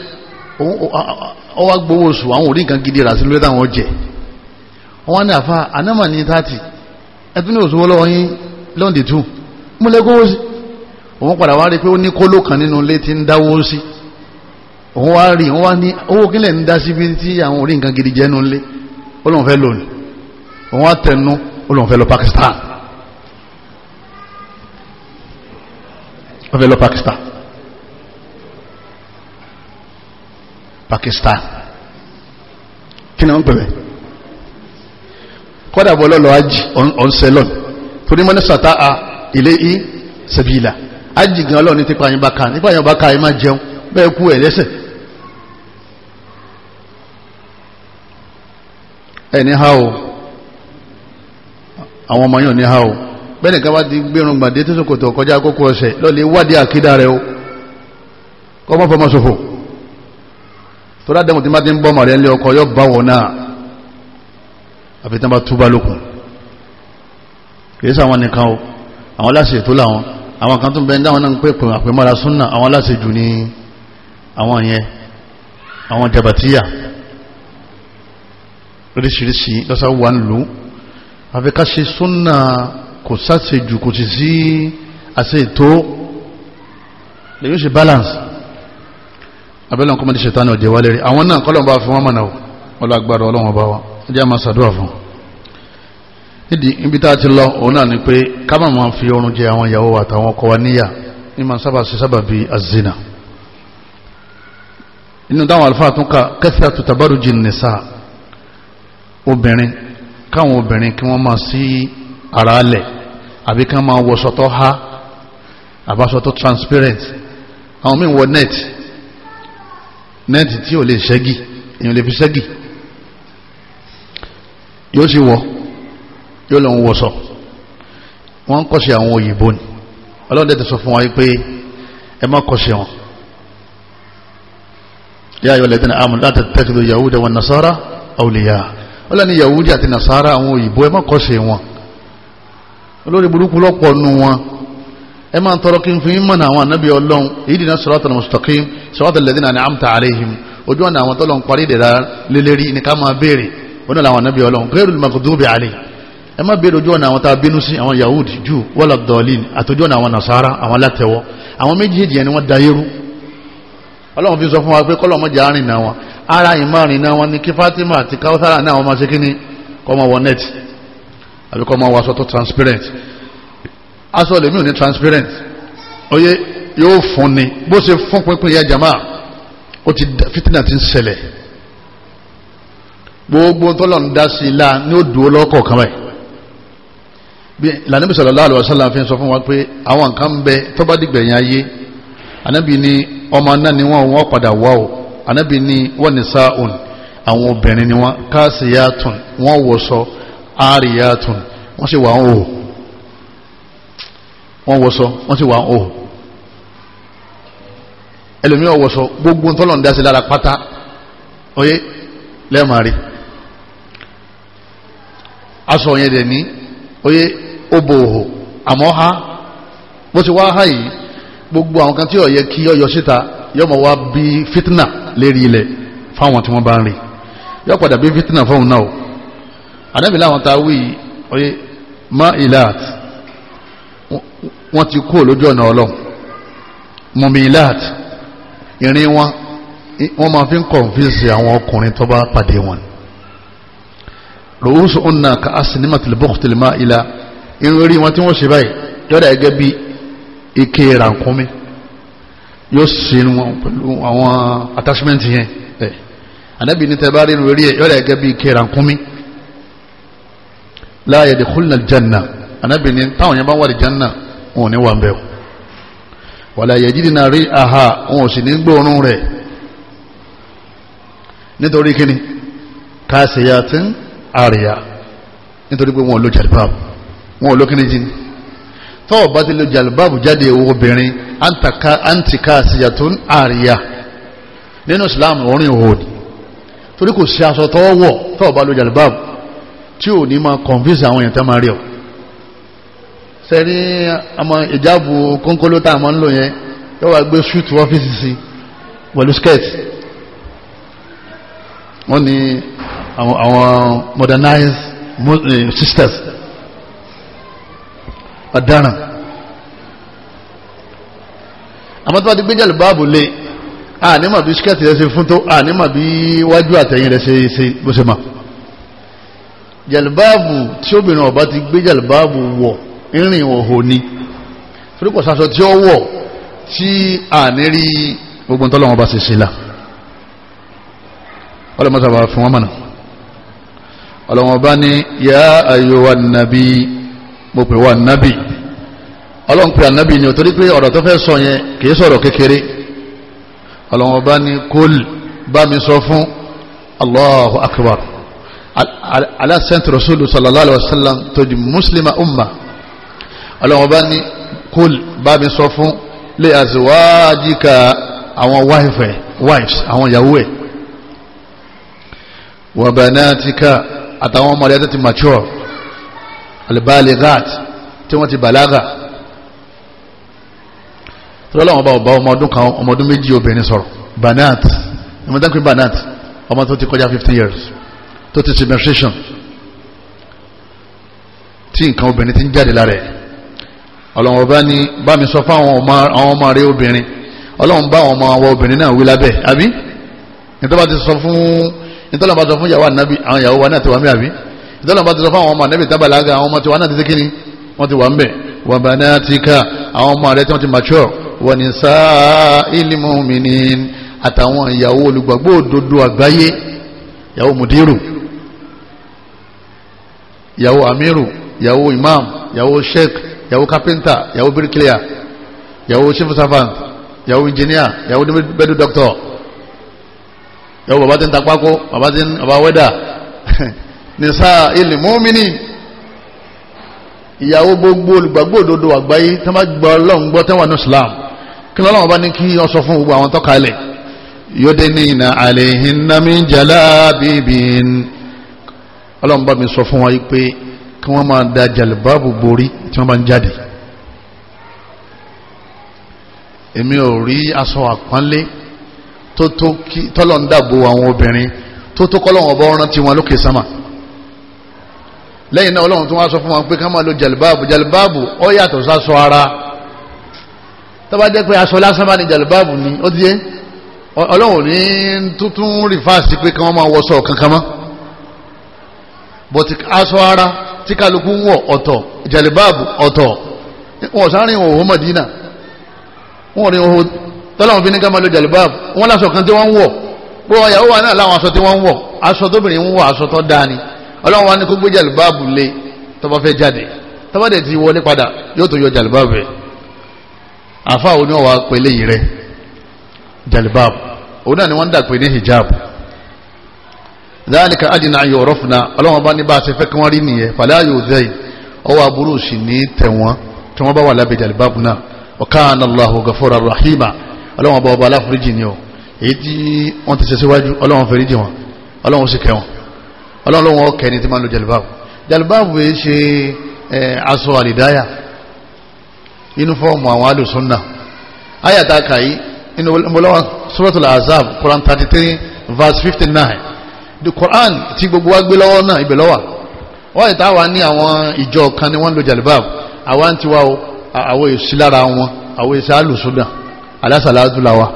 A: ó wá gbowó oṣù àwọn òrí nǹkan gidi rà sí lórí táwọn jẹ wọ́n ní àfa anamọ̀ ní tààtì ẹtún ní oṣù wọ́n lọ́wọ́ yín lọ́ndì tù múlẹ́kọ́wọ́ sí òun padà wá rí pé ó ní kóló kan nínú ilé tí ń dáwó sí òun wá rí òun wá ní owó kílẹ̀ ń dá síbi tí àwọn òrí nǹkan gidi jẹ́ nínú ilé ó lóun fẹ́ lónìí òun wá tẹnu ó lóun fẹ́ lọ Pakistan ó fẹ́ lọ Pakistan Pakistan kí ni wọ́n pẹ̀lẹ̀ kọ́dà bọ́ lọ́lọ́ ajì ọ̀nsẹ̀lọ́n torí mọ́nísà tá a ilé i sẹ̀bìlà ajì gan ọlọ́run ti pààyàn bá ka nípa àyàn bá ka ẹ má jẹun bẹ́ẹ̀ kú ẹ̀ lẹ́sẹ̀ ẹ̀ ní ha o àwọn ọmọ yàn ní ha o bẹ́ẹ̀ nìkan bá ti gbẹ̀rùn gbàdé tí sòkòtò kọjá kókó ọ̀sẹ̀ lọ́ọ́ lè wádìí àkídà rẹ o kọ́ mọ́ fọmọ́ sòfò tó dáadáa tí máa ti ń bọ́ màrí ẹlẹ́ ọkọ̀ yọ bá wọn náà àfi tí wọ́n bá túbá lókun kìí sáwọn nìkan o àwọn aláṣẹ tó láwọn àwọn kan tó ń bẹ ní àwọn náà ń pè pè àpè mọ́ra súnà àwọn aláṣẹ jù ní àwọn yẹn àwọn jabatíyà lóríṣiríṣi lọ́sà wà ń lò àfi ká ṣe súnà kò sáṣe jù kò sì sí àṣẹ ètò lè yóò ṣe balance abẹ́lẹ̀ kọ́mọ́dé ṣètánì ọ̀jẹ̀ wálé rí àwọn náà kọ́lọ̀ bá fún wọn mọ̀nà ọlọ́gbàdọ̀ ọlọ́wọ́n bá wa ẹjẹ́ àmà sàdúrà fún nídìí ibi tá a ti lọ òun náà ni pé kábà máa fi oorun jẹ àwọn ìyàwó àtàwọn ọkọ wa níyà ní máa sábà ṣe sábà bíi azina inú táwọn àlùfáà tún ka kẹsíà tó tabaru jìn nìsa obìnrin káwọn obìnrin kí wọ́n máa sí ara lẹ̀ àbí ká máa wọṣọ transparent àwọn míì wọ net nẹ́ẹ̀tì tí ò lè ṣẹ́gi èèyàn lè fi ṣẹ́gi yóò sì wọ yóò lọ ń wọṣọ wọ́n ń kọ́ṣe àwọn òyìnbó ni ọlọ́run dẹ̀ ti sọ fún wa pé ẹ má kọ́ṣe wọn yá ayọ̀ lẹ́tìn àmọ́ láti tẹ́kìlú yahudu wọn nasara awliya ọlọ́run ni yahudu àti nasara àwọn òyìnbó ẹ má kọ́ṣe wọn olórí burúkú lọ́pọ̀ nù wọn ẹ máa ń tọrọ kí n fi yín mọ̀nà àwọn ànábì ọlọ́run ihdina siratal mustaqim siratal ladhina an'amta alaihim ojú ọ̀nà àwọn tọ́lọ̀ ń parí ìdẹ̀ra lélẹ́rí ní ká máa béèrè ó náà làwọn ànábì ọlọ́run ghayril maghdubi alaihim ẹ má béèrè ojú ọ̀nà àwọn tá a bínú sí àwọn yahudi jù wala dọ̀ọ́lìn àtòjú ọ̀nà àwọn nasara àwọn alátẹ̀wọ́ àwọn méjèèjì yẹn ni wọ́n da yérú ọlọ́run fi sọ fún wa pé kọ́lọ̀ mọ́jà arìn náà wọn ara ìmọ̀rin náà wọn ni kí Fatima àti Kawthara náà wọn máa ṣe kíní kọ́ máa wọ net àbí kọ́ máa wọ aṣọ tó transparent aṣọ lèmi ò ní transparent oyè yóò fún ni bó ṣe fún pínpín ya jama ó ti fitina ti ń ṣẹlẹ̀ gbogbo tọ́lọ̀ ń dá sí la ní ó dúró lọ́kọ̀ kan báyìí bí lànàbí sallallahu alaihi wasallam fi sọ fún wa pé àwọn nǹkan bẹ tó ayé ànábì ni ọmọ náà ni wọ́n wọ́n padà wá o ànábì ni wọ́n ní sáàùn àwọn obìnrin ni wọ́n káàsì yàtùn wọ́n wọ̀ṣọ àárì yàtùn wọ́n sì wà ń hò wọ́n wọ́sọ wọ́n sì wà ó ẹlòmí ọ̀wọ́sọ gbogbo tọ́lọ̀ ń dá sí lára pátá oyé lẹ́ẹ̀mà rí aṣọ yẹn dẹ̀ ní oyé ó àmọ́ ha bó ti wá ha yìí gbogbo àwọn kan tí ó kí ọyọ síta yọ mọ̀ wá bí fitna lérí ilẹ̀ fáwọn tí wọ́n bá ń rí yọ padà bí fitna fáwọn náà àdábìlà àwọn tá a wí oyé má ìlà àti wọ́n ti kú lójú ọ̀nà ọlọ́run mumilat ìrìn wọn wọ́n máa fi ń kọ̀nfíìsì àwọn ọkùnrin tó bá pàdé wọn ròhùsù ọ̀nà ka asinima tìlìbọ́kù tìlìmá ilá irun orí wọn tí wọ́n ṣe báyìí yọ̀dà gẹ́gẹ́ bí ike rànkúnmi yóò sinú pẹ̀lú àwọn attachment yẹn ànábì ní tẹ́bá rí irun orí ẹ̀ yọ̀dà gẹ́gẹ́ bí ike rànkúnmi láàyè dìkúlnà jannah anábì ní táwọn yẹn bá wà lìjánà wọn ò ní wà ń bẹ̀ o wàlẹ̀ náà rí aha wọn ò sì ní gbóòórùn rẹ̀ nítorí kíni kásìyàtín àríyá nítorí pé wọn ò lo jàlbáàbù wọn ò lo kíni jíni tọ́ọ̀ bá ti lo jàlbáàbù jáde owó obìnrin àǹtí kásìyàtún àríyá nínú Islam orin òòdì torí kò sí aṣọ tọ́wọ́ tọ́ọ̀ bá lo jàlbáàbù tí ò ní máa kọ̀nfíìsì àwọn èèyàn tẹ́ máa rí ọ sẹ́rí ọmọ ìjáàbù kónkóló tá a máa ń lò yẹn yóò wá gbé ṣúùtù ọ́fíìsì sí pẹ̀lú skirt wọ́n ní àwọn modernized eh, sisters ọ̀daràn àmọ́ tó bá ti gbéjàlè báàbò lé ànímọ̀ bí ṣíkẹ́tì rẹ̀ ṣe fún tó ànímọ̀ bí wájú àtẹ̀yìn rẹ̀ ṣe ṣe bó ṣe mọ̀ jàlùbáàbù tí obìnrin ọba ti gbé jàlùbáàbù wọ̀ ìrìn òhò ni torí kò sasọ tí ó wọ̀ tí a ní rí gbogbo ntọ́lọ́ wọn bá ṣe ṣe la ọlọ́mọ sábà fún wọn mọ̀nà ọlọ́mọ bá ní yá ayò wa nàbí mo pè wá nàbí ọlọ́mọ pè ànábì ni torí pé ọ̀rọ̀ tó fẹ́ sọ yẹn kì í sọ̀rọ̀ kékeré ọlọ́mọ bá ní kólì bá mi sọ fún Allahu akbar ala rasulu sallallahu alayhi wa sallam tó di muslima umma ọlọ́run bá ní kúl bá mi sọ fún lè àzíwájíkà àwọn wáìfẹ̀ wives àwọn ìyàwó ẹ̀ wà banatika àtàwọn ọmọdé tó ti mature albalighat tí wọ́n ti balaga tọ́lọ́wọ́n bá ọba ọmọdún kan ọmọdún méjì obìnrin sọ̀rọ̀ banat ìmọ̀dá pé banat ọmọ tó ti kọjá 15 years tó ti ṣe menstruation tí nǹkan obìnrin ti ń jáde lára ẹ̀ ọlọ́run ọba ní bá mi sọ fáwọn àwọn ọmọ rẹ obìnrin ọlọ́run bá àwọn ọmọ àwọn obìnrin náà wí lábẹ́ àbí ìtọ́lá ti sọ fún ìtọ́lá bá sọ fún yàwó ànábì àwọn yàwó wa náà ti wà mí àbí ìtọ́lá bá ti sọ fún àwọn ọmọ ànábì tábàlágà àwọn ọmọ tiwa náà ti ti kíni wọ́n ti wà ń bẹ̀ wà banatika àwọn ọmọ rẹ tí wọ́n ti mature wa nisa'il mu'minin àtàwọn ìyàwó olùgbàgbọ́ òdodo àgbáyé ìyàwó mudiru ìyàwó amiru ìyàwó imam ìyàwó sheikh ìyàwó kápẹ́ntà ìyàwó bíríkìlíà ìyàwó chief servant ìyàwó engineer ìyàwó bẹ́dù doctor ìyàwó bàbá tí ń tapákó bàbá tí ń bàbá wẹ́dà nìsá ilẹ̀ mọ́mìnì ìyàwó gbogbo olùgbàgbọ́ òdodo àgbáyé tí wọ́n bá gba gbọ́ tẹ́wọ̀n ní islam kí lọ́lọ́run bá ní kí wọ́n sọ fún gbogbo àwọn tọ́ka ilẹ̀ yódenina àlèhìn nàmíjàlábìbìn ọlọ́run bá mi sọ fún wọn yìí pé kí wọ́n máa da jàlùbáàbù borí tí wọ́n bá ń jáde èmi ò rí aṣọ àpọ́nlé tó tó kí tọ́lọ̀ ń dàbò àwọn obìnrin tó tó kọ́lọ̀ wọn bá rántí wọn lókè sámà lẹ́yìn náà ọlọ́run tó wá sọ fún wọn pé ká máa lo jàlùbáàbù jàlùbáàbù ó yàtọ̀ sáṣọ ara tó bá jẹ́ pé aṣọ lásán bá ní jàlùbáàbù ni ó díẹ̀ ọlọ́run ní tuntun rìfáàsì pé ká wọ́n máa wọṣọ kankan mọ́ but aṣọ ara tí kálukú ń wọ̀ ọ̀tọ̀ jẹ̀lẹ̀báàbù ọ̀tọ̀ wọn sáré òhò Madina wọn rí òhò tọ́lá òfin ní ká máa lo jẹ̀lẹ̀báàbù wọn láṣọ kan tí wọ́n ń wọ̀ bó wọn yàwó wa náà láwọn aṣọ tí wọ́n ń wọ̀ aṣọ tóbìnrin ń wọ̀ aṣọ tó dáa ni ọlọ́run wa yọ jẹ̀lẹ̀báàbù dáníkà àdínà ayò rọ́fúnà ọlọ́wọ́n bá ní bá a ṣe fẹ́ kí wọ́n rí nìyẹn fàlẹ́ ayò zẹ́yìn ọwọ́ aburú sì ní tẹ̀wọ́n tí wọ́n bá wà lábẹ́ jàlibáàbù náà ọ̀kan aláhu gafura rahima ọlọ́wọ́n bá ọba aláforíjì ni ọ èyí tí wọ́n ti ṣe síwájú ọlọ́wọ́n foríjì wọn ọlọ́wọ́n sì kẹwọn ọlọ́wọ́n kẹni tí máa ń lo jàlibáàbù jàlibáàbù yìí ṣe aṣọ àlìdáyà yúnífọ́ọ̀mù àwọn alùsùnà ayàtà kàyí nínú mọ́lọ́wọ́n suratul azab Quran thirty three verse fifty nine the Quran tí gbogbo wa gbé lọ́wọ́ náà ibẹ̀ lọ́wà wọ́n yìí táwa ní àwọn ìjọ kan ni wọ́n lo jalibab àwa ń tiwa o àwọn èsì lára wọn àwọn èsì alùsùnà alásàládùláwa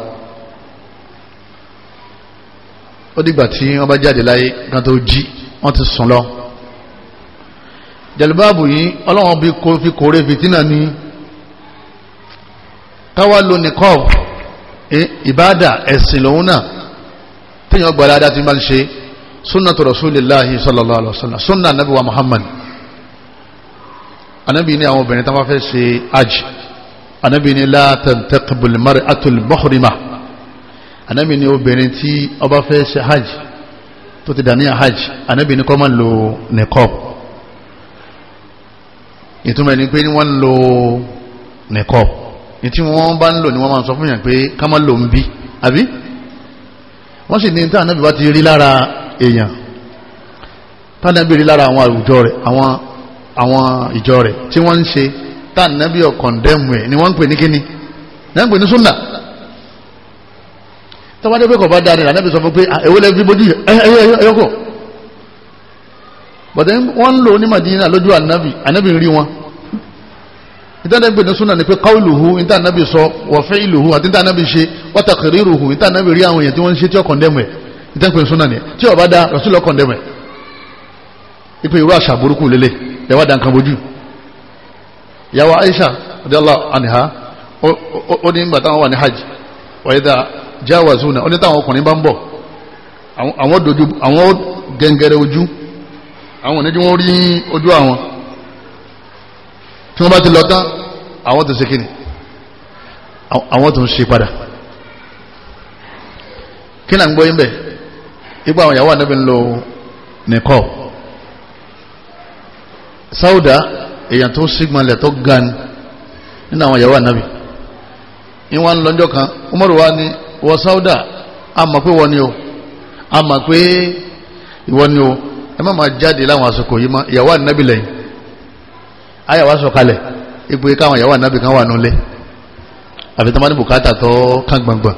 A: ó dìgbà tí wọ́n bá jáde láyé kan tó jí wọ́n ti sùn lọ jalibab yìí ọlọ́wọ́n bí kò fi kórè fìtínà ní káwa lo nìkọ́ eh, ìbáàdà ẹ̀sìn lòun náà téèyàn gbọ́dá dá ti máa ń ṣe sunnatu rasulillahi sallallahu alaihi wasallam sunna nabi wa muhammad anabi ni àwọn obìnrin tó bá fẹ́ ṣe aj anabi ni la tantaqibul mar'atul muhrima anabi ni obìnrin tí ó bá fẹ́ ṣe hajj tó ti dàníyà hajj anabi ni kó má lo niqab ìtumọ̀ ni pé wọ́n ń lo niqab ìtí wọ́n bá ń lò ní wọ́n máa sọ fún yàn pé ká má lò ń bí àbí wọ́n sì anabi bá ti rí lára èèyàn tánàbí rí lára àwọn àwùjọ rẹ̀ àwọn àwọn ìjọ rẹ̀ tí wọ́n ń ṣe tánàbí ọ̀kọ̀ndẹ́mù ẹ̀ ni wọ́n ń pè ní kíni ní wọ́n ń pè ní súnà tọ́wádé pé kò bá dáa ni lànàbí sọ fún pé èwo lẹ́bi bójú ẹ̀yọ́kọ̀ bọ̀dẹ̀ wọ́n ń lò ní Madina lójú ànábì ànábì rí wọn ìtànà gbèdé súnà ni pé káwùlùhù ìtànàbì sọ wọ̀fẹ́ ìlùhù àti ìtànàbì ṣe wọ́tàkìrìrùhù ìtànàbì rí àwọn èèyàn tí wọ́n ń ṣe tí ọkọ̀ndẹ́mù ẹ̀ ìtẹ́pẹ̀ sunna ni tí ọba da rasul ọkọ̀ ndẹ́mẹ̀ ipe irú àṣà burúkú lélẹ̀ lẹ́wà dá bójú ìyàwó Aisha radiyallahu anha ó ní nígbà táwọn wà ní hajj wàyídà jáwàzúnà ó ní táwọn ọkùnrin bá ń bọ̀ àwọn dojú àwọn gẹ̀ǹgẹ̀rẹ̀ ojú àwọn oníjú wọn rí ojú àwọn tí wọ́n bá ti lọ tán àwọn tó ṣe kíni àwọn tó ń ṣe padà kí náà ń gbọ́ yín bẹ́ẹ̀ igbó àwọn ìyàwó ànábì ń lo nìkọ́ sáúdà èèyàn tó sígbọnlẹ̀ tó ga ni nínú àwọn ìyàwó ànábì ní wọn lọ́jọ́ kan umaru wa ni wọ sáúdà a mọ̀ pé wọ́n ni o a mọ̀ pé ìwọ ni o ẹ má máa jáde láwọn àsìkò yìí mọ́ ìyàwó ànábì lẹ́yìn ayàwó sọ̀kalẹ̀ ipò káwọn ìyàwó ànábì kan wà nulẹ̀ àfi tó má ní bùkátà tó kán gbọ̀ngbọ̀n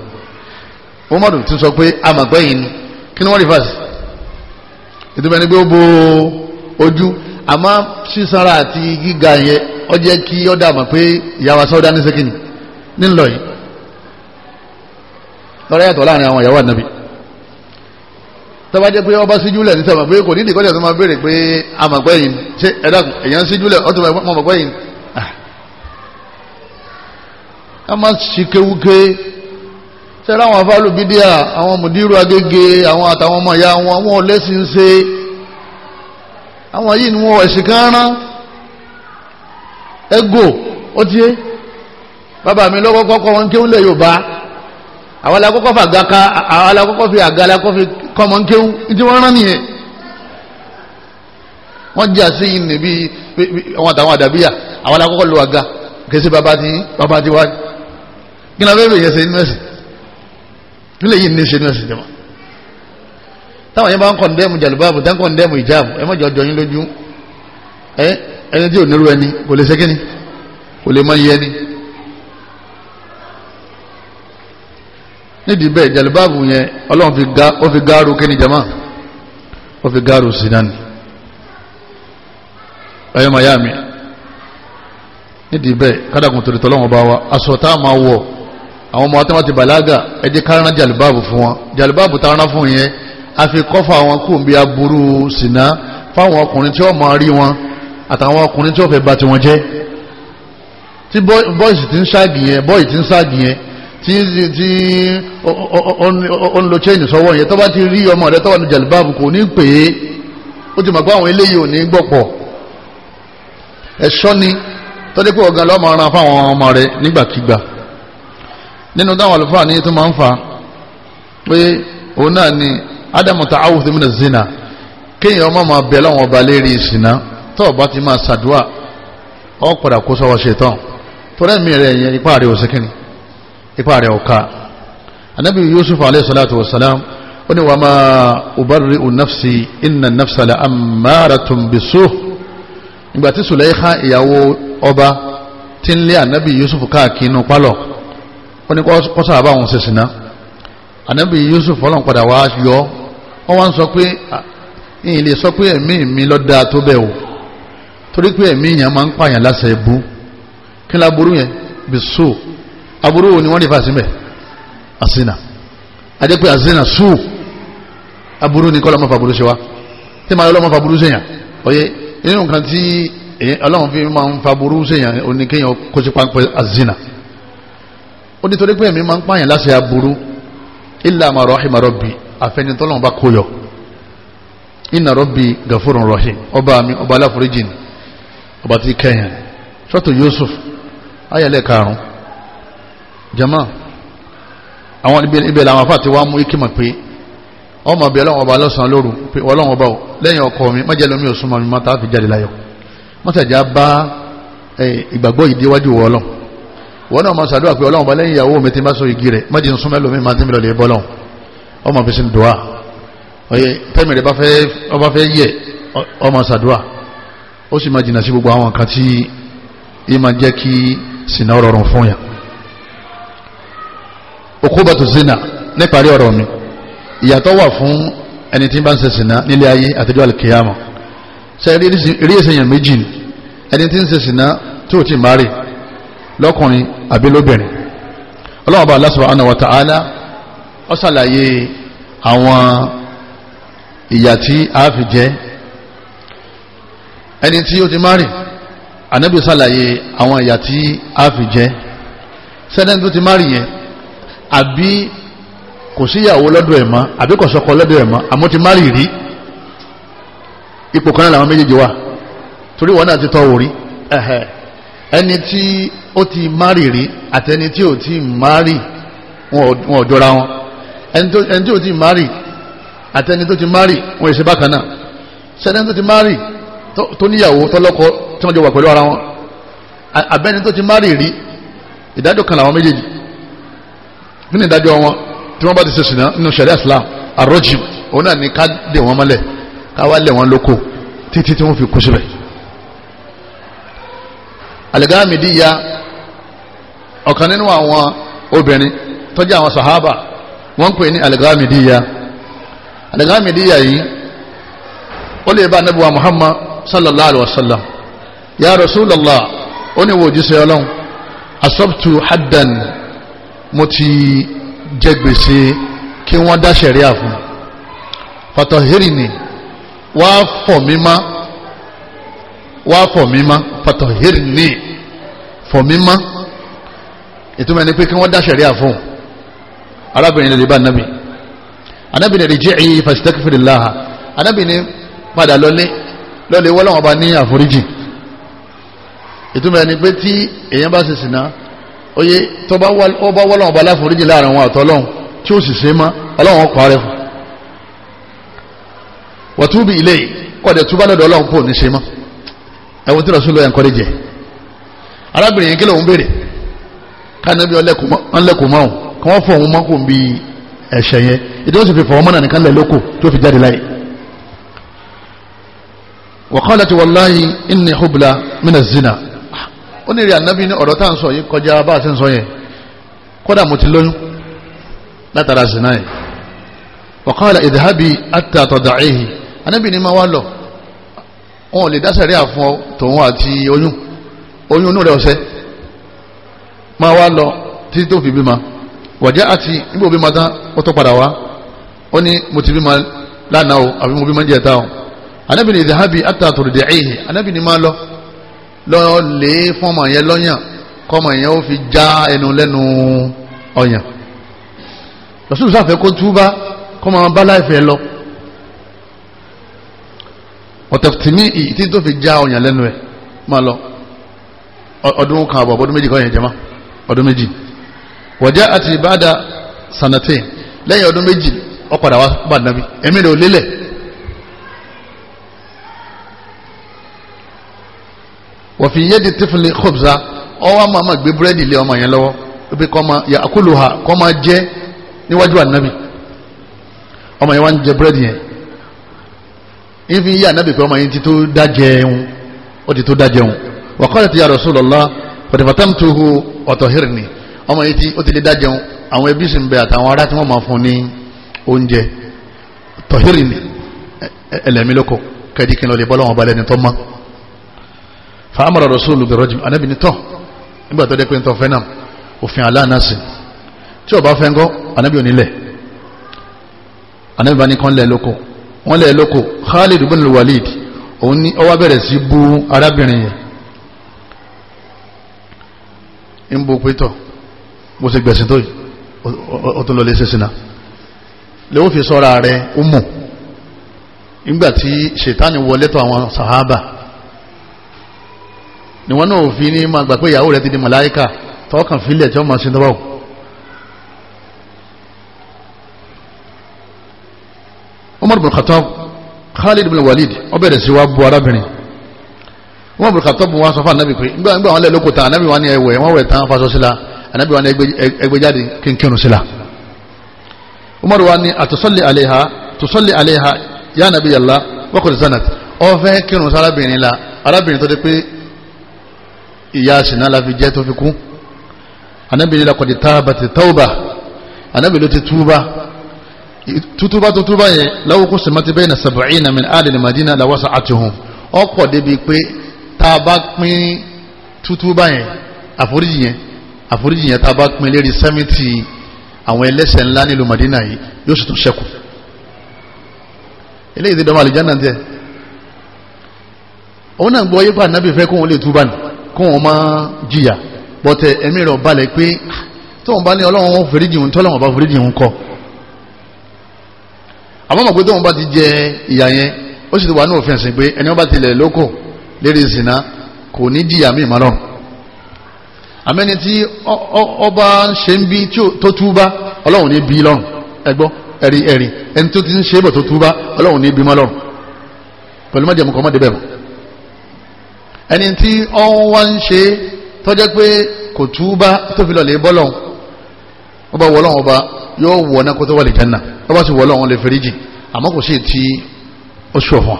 A: umaru ti sọ pé a mọ̀ pé ni kí ni wọ́n rí fásitì ètò ìbẹ̀ni pé ó bo ojú àmọ́ sísanra àti gíga yẹn ó jẹ́ kí ó dààmú pé ìyàwó sọ́dá ní sẹ́kìnì nílò yìí lọ́rọ̀ yàtọ̀ láàrin àwọn ìyàwó ànábì tọ́ba jẹ́ pé ọba síjúlẹ̀ ní sọ̀rọ̀ pé kò ní ìdíkọ́lẹ̀ tó máa béèrè pé amọ̀pẹ́ yìí ṣé ẹ̀dá èèyàn síjúlẹ̀ ọtún mọ̀pẹ́ yìí ah. ká má ṣe kéwúké tẹ́lá àwọn afáàlù bídíà àwọn mùdírù agége àwọn àtàwọn ọmọ ìyá wọn wọn ò lẹ́sìn ṣe àwọn yìí ni wọn ẹ̀sìn kan rán ẹgò ó tiẹ́ bàbá mi lọ́kọ́ kọ́kọ́ wọn kí ó lè Yorùbá àwọn alákọ́kọ́ fi àga ka àwọn alákọ́kọ́ fi àga alákọ́ fi kọ́mọ ń kéwú ìdí wọ́n rán nìyẹn wọ́n jà sí ìnì bí àwọn àtàwọn àdàbíyà àwọn alákọ́kọ́ lo àga kèsì bàbá ti bàbá ti wá kí ni abẹ́rẹ́ yẹn ṣe nínú ẹ̀sìn nílẹ̀ yìí ní ṣe náà sì jẹmọ́ táwọn yẹn bá ń kọ̀ndẹ́mù jàlùbáàbù tán kọ̀ndẹ́mù ìjáàbù ẹ mọ̀jọ jọyín lójú ẹ ẹni tí ò nírú ẹni kò lè ṣẹ́kíní kò lè mọ iye ẹni nídìí bẹ́ẹ̀ jàlùbáàbù yẹn ọlọ́run fi ga ó fi gáàrú kíni jama ó fi gáàrú sí náà ni ẹ̀yọ́ mayami nídìí bẹ́ẹ̀ kádàkùn torítọ́ ọlọ́run bá wa aṣọ tá a máa wọ̀ àwọn ọmọ tí wọ́n ti bàlágà ẹjẹ́ kárán jàlùbáàbù fún wọn jàlùbáàbù tààrán fún yẹn a fi kọ́fà àwọn kùn bí aburú sìnà fáwọn ọkùnrin tí ó máa rí wọn àtàwọn ọkùnrin tí ó fẹ́ bà ti wọn jẹ́ tí bọ́ìsì ti ń ságì yẹn bọ́ì ti ń ságì yẹn tí tí ó ń lo chain sọ́wọ́ yẹn tó bá ti rí ọmọ rẹ tó wà ní jàlùbáàbù kò ní pè é ó ti mọ̀ pé àwọn eléyìí ò ní gbọ̀pọ̀ ẹ̀ṣọ́ ni tọ́jú ọ̀gá lọ́mọ nínú dáwọn àlùfáà ní tó máa ń fa pé òun náà ni ádámù ta áwùsí mi nà zina kéèyàn ọmọ máa bẹ láwọn ọba lérí ìsìná tó ọba ti máa ṣàdúrà ọ padà kó sọ́wọ́ ṣetán torí ẹ̀mí rẹ̀ yẹn ipá rẹ̀ òsìkìnì ipá rẹ̀ ọ̀ka anabi yusuf alayhi salatu wa salam ó ní wa ma ubarri'u nafsi inna nafsa la ammaratun ìgbà tí sùlẹ́yìn ìyàwó ọba tí ń lé anabi yusuf káàkiri inú pálọ̀ ó ní kọ́sà àbáwọn ṣe sìnà ànábì Yusuf ọlọ́run padà wá yọ wọ́n wá ń sọ pé ìyìn lè sọ pé ẹ̀mí mi lọ dáa tó bẹ́ẹ̀ o torí pé ẹ̀mí yẹn máa ń pààyàn lásẹ̀ ẹ̀bú kí ni aburú yẹn bisu aburú ni wọ́n lè fà sí mẹ́ àsìnà ajẹ́ pé àsìnà sùn aburú ni kọ́ lọ́mọ́ fàburú ṣe wá tí màá lọ́mọ́ fàburú ṣe yàn ọ̀yẹ́ inú nǹkan tí ọlọ́run fi máa ń fàburú ṣe yàn oníkéyàn kó sí páńpẹ́ àsìnà ó ní torí pé èmi máa ń pààyàn láṣẹ aburú illa ma rahima rabbi àfẹnitọ́lọ́wọ́n bá kóyọ inna rabbi gafurun rahim ọba mi ọba aláforíjì ọba ti kẹyàn suratu Yusuf ayẹlẹ karùn jama àwọn ibẹ̀ làwọn afa ti wá mú ikima pé ọmọ bíi ọba lọ́sàn-án lóru ọba ò lẹ́yìn ọkọ mi má jẹ́ lómi ò súnmọ́ mi má ta fi jáde wọn náà ma sàdúrà pé ọlọ́run bá lẹ́yìn ìyàwó mi ti má so igi rẹ̀ má jẹ́ súnmọ́ lómi má ti mi lọ ọmọ fi sin dùá oye tẹ́mi rẹ̀ bá fẹ́ yẹ ọmọ sàdúrà ó sì má jìnnà sí gbogbo àwọn kan tí í má jẹ́ kí sinna rọrùn fún yà okóbàtò zina níparí ọ̀rọ̀ mi ìyàtọ̀ wà fún ẹni tí bá ń ṣe sinna nílé ayé àtijọ́ alikiyama ṣe rí ẹsẹ̀ yẹn méjì ẹni tí ń ṣe sinna tí ò tí rè lọ́kùnrin àbí lóbìnrin ọlọ́run bá Allah subhanahu wa ta'ala ó ṣàlàyé àwọn ìyà tí a fi jẹ ẹni tí ó ti márì ànábì ṣàlàyé àwọn ìyà tí a fi jẹ sẹ́dẹ̀ẹ́ni tó ti márì yẹn àbí kò síyàwó lọ́dọ̀ ẹ̀ mọ́ àbí kò sọ́kọ lọ́dọ̀ ẹ̀ mọ́ àmọ́ ti márì rí ipò kan náà làwọn méjèèjì wà torí wọn náà ti tọ́ òrí ẹ̀hẹ́ ẹni tí ó ti márì rí àti ẹni tí ò ti márì wọn ò jọra wọn ẹni tí ò ti márì àti ẹni tó ti márì wọn èsì bákan náà sẹ́ni tó ti márì tó níyàwó tọ́lọ́kọ tí wọ́n jọ wà pẹ̀lú ara wọn abẹ́ni tó ti márì rí ìdájọ́ kan làwọn méjèèjì nínú ìdájọ́ wọn tí wọ́n bá ti ṣe nínú sẹ̀rí Islam àrọ́jì òun náà ní ká dè wọ́n mọ́lẹ̀ ká wá lẹ̀ wọ́n lóko títí tí wọ́n fi kú síbẹ̀ al ya, ọ̀kan nínú àwọn obìnrin tó jẹ́ àwọn sahaba wọ́n ń pè ní Al-Ghamidiyya Al-Ghamidiyya yìí ó lè bá Ànábì wa Muhammad sallallahu alaihi wa sallam ya Rasulullah ó ní wo òjíṣẹ́ Ọlọ́run asabtu haddan mo ti jẹ gbèsè kí wọ́n dá sẹ̀ríà fún fatahiri ni wàá fọ̀ mímá wá fọ̀ mí mọ́ fatahir ni fọ̀ mí mọ́ ìtumọ̀ ni pé kí wọ́n dá sẹ̀ríà fún un arábìnrin lè bá anabi anabi ni rìjẹ́ì fasitakifirillah anabi ni padà lọlé lọlé wọ́n bá ní àforíjì ìtumọ̀ ni pé tí èèyàn bá ṣe sìnà oye tó bá wọ́n lọ́wọ́ bá láforíjì láàrin wọn àtọ́lọ́hún tí ó sì ṣe mọ́ ọlọ́wọ́n kọ́ rẹ̀ fún wọ́n túbí ilé kọ́dẹ̀ túbá lọ́dọ̀ ọlọ́run pò ní ṣe mọ́ ẹ̀wọ̀n tí rasulọ yẹn kọ́lé jẹ arábìnrin yẹn kí lóun béèrè kánábí ọlẹ́kùn mọ́ kí wọ́n fọ òun mọ́kùn bíi ẹ̀ṣẹ̀ yẹn ìdí sì fi fọwọ́ mọ́nà nìkan lẹ̀ lóko tó fi jáde láyé. wa qalat wallahi inni hubla mina zina ó ní rí ànábì ní ọ̀rọ̀ tá à ń sọ yìí kọjá bá a ti ń sọ yẹn kódà mo ti lóyún látara zina yẹn wa qala idhabi àtàtọ̀dà ẹ̀hìn ànábì ní ma wá lọ wọn ò lè dá sẹ̀ríà fún ọ tòun àti oyún oyún inú rẹ̀ ọ̀sẹ̀ máa wá lọ títí tó fi bímọ wàjẹ́ àti níbo bímọ tán ó tó padà wá ó ní mo ti bímọ lánàá o àbí mo bímọ jẹ́ta o anábì ní ìdáhàbì àtàtòrìdì ẹ̀yìn anábì ní máa lọ lọ lè fún yẹn lọ́yàn kọ́mọ yẹn ó fi já ẹnu lẹ́nu ọ̀yàn lọ́sùn sáfẹ́ kó túbá kọ́mọ bá láìfẹ́ lọ ọ̀tẹ̀tìmí ìtí tó fi já ọ̀yàn lẹ́nu ẹ̀ e. máa lọ ọdún kan àbọ̀ ọdún méjì kọ́ yẹn jẹ́mọ́ ọdún méjì wọ̀já àti ìbáda sanate lẹ́yìn ọdún méjì ó padà wá bá nàbí ẹ̀mí rẹ̀ ò lélẹ̀ wọ̀fìn yédi tífìlì kọ́bùsà ọwọ́ máa ma gbé búrẹ́dì lé ọmọ yẹn lọ́wọ́ wípé kọ́ ma yà àkúlù ha kọ́ ma jẹ́ níwájú ànábì ọmọ yẹn wá ń jẹ búrẹ́dì yẹn ibi yí ànábì pé ọmọ yìí ti tó dájẹun ó ti tó dájẹun wa ya Rasulullah qad fatamtuhu wa tahhirni ọmọ yìí ti ó ti lè dájẹun àwọn ẹbí sì ń àtàwọn ará tí wọ́n máa fún ní oúnjẹ tahhirni e, e, ẹlẹ́mí lóko fa amara Rasulullah bi rajm ànábì ní nígbà tó dé pé tí ò loko. wọ́n lẹ̀ lóko Khalid bin Walid òun ní ọwọ́ bẹ̀rẹ̀ sí bú arábìnrin yẹn ń bo pétọ̀ mo ti gbẹ̀sìn tó yìí ó tún lọ lè ṣe sínà lẹ́wọ́ fi sọ́ra rẹ̀ ó mọ̀ nígbàtí ṣètánì wọlé tọ̀ àwọn sàhábà ni wọ́n náà fi ní máa gbà pé ìyàwó rẹ̀ ti di màláíkà tọ́kàn fílẹ̀ tí wọ́n máa ṣe tọ́wọ́ Umar bin Khattab Khalid bin Walid ó bẹ̀rẹ̀ sí wa bu arábìnrin Umar bin Khattab wa sọ fún anabi pé nígbà nígbà wọn lè lóko tán anabi wa ni ẹwẹ wọn wẹ tán faṣọ sí anabi wa ni ẹgbẹjáde kínkínu sí Umar wa ni àtúnṣọlẹ àleha túnṣọlẹ àleha ya anabi yàlla wọkùn zanat ọfẹ kírun sárábìnrin la arábìnrin tó dé pé ìyá sinna la fi jẹ tó fi kú anabi ni lakọ̀dí tábàtì tawba anabi ló ti túbà tutuba tutuba yẹn lawo kó sèmati bẹ́ẹ̀ na sab'ina min ali madina la wasa atihun ọkọ̀ débi pé tá a bá pín tutuba yẹn àforíjì yẹn àforíjì yẹn tá a bá pín lérí sẹ́mìtì àwọn ẹlẹ́sẹ̀ ńlá nílùú madina yìí yóò sì tún ṣẹ́kù eléyìí ti dọ́mọ àlìjáná tiẹ̀ òun náà gbọ́ yípa ànábì fẹ́ kóun lè túbà ní kóun má jìyà bọ́tẹ̀ ẹ̀mí rẹ̀ balẹ̀ pé ah, tóun bá ní ọlọ́run wọn fèrèjì òun tọ́lọ́run bá fèrèjì òun kọ́ àmọ́ mọ̀ pé tóun bá ti jẹ ìyà yẹn ó sì ti wà ní òfin ẹ̀sìn pé ẹni wọ́n bá tilẹ̀ lóko lérí ìsìnà kò ní jìyà míì mọ́lọ́run àmẹ́ni tí ọba ń ṣe ń bí tó túbá ọlọ́run ní bí lọ́run ẹgbọ́ ẹ̀rí ẹ̀rí ẹni tó ti ń ṣe bọ̀ tó túbá ọlọ́run ní bí mọ́lọ́run pẹ̀lú mọ́jẹ̀mú kan mọ́dé bẹ̀rù ẹni tí ọ̀hún wá ń ṣe tọ́jẹ́ pé kò túbá tó fi lọ́lẹ̀ bọ́lọ́run ọba wọlọ́run ọba yóò wọ náà kó tó wà lè jẹ́nà tó bá sì wọ́ lọ́wọ́n lè fèrèjì àmọ́ kò sí ti oṣù ọ̀fọ̀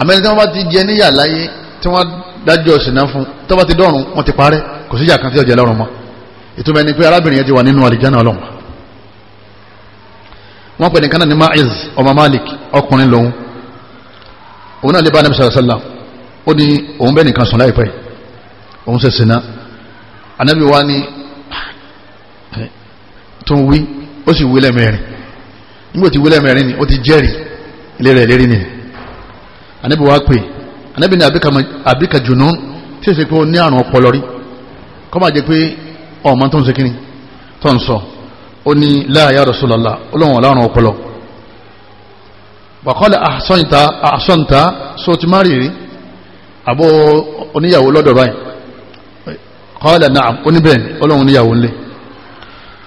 A: àmẹ́ni tí wọ́n bá ti jẹ níyà láyé tí wọ́n dájọ́ ṣìnà fún tó bá ti dọ́rùn wọ́n ti parẹ́ kò síjà kan tí ọjà lọ́rùn mọ́ ìtumọ̀ ẹni pé arábìnrin yẹn ti wà nínú àlìjánà ọlọ́run wọ́n pè nìkan náà ní Ma'iz ọmọ Malik ọkùnrin lòun òun náà lè bá anabi sallallahu alaihi wasallam ó ní òun bẹ́ẹ̀ nìkan sùn láìpẹ́ òun ṣe ṣìnà anabi wa ni tó ń wí ó sì wí lẹ́mẹ̀rin nígbà tí wí lẹ́mẹ̀rin ni ó ti jẹ́rìí ilé rẹ̀ lérí ni ànábì wá pè ànábì ní àbíkà jùnú tí èsì pé ó ní àrùn ọpọlọ rí kọ́ máa jẹ́ pé ọmọ tó ń ṣe kíni tó ń sọ ó ní la ya Rasulullah olóhùn ọ̀làrùn ọpọlọ wàkọ́lẹ̀ àṣọ́ǹta àṣọ́ǹta só ti má rìrí àbó oníyàwó lọ́dọ̀ báyìí kọ́lẹ̀ náà oníbẹ̀ẹ́ olóhùn oníyàwó ńlẹ̀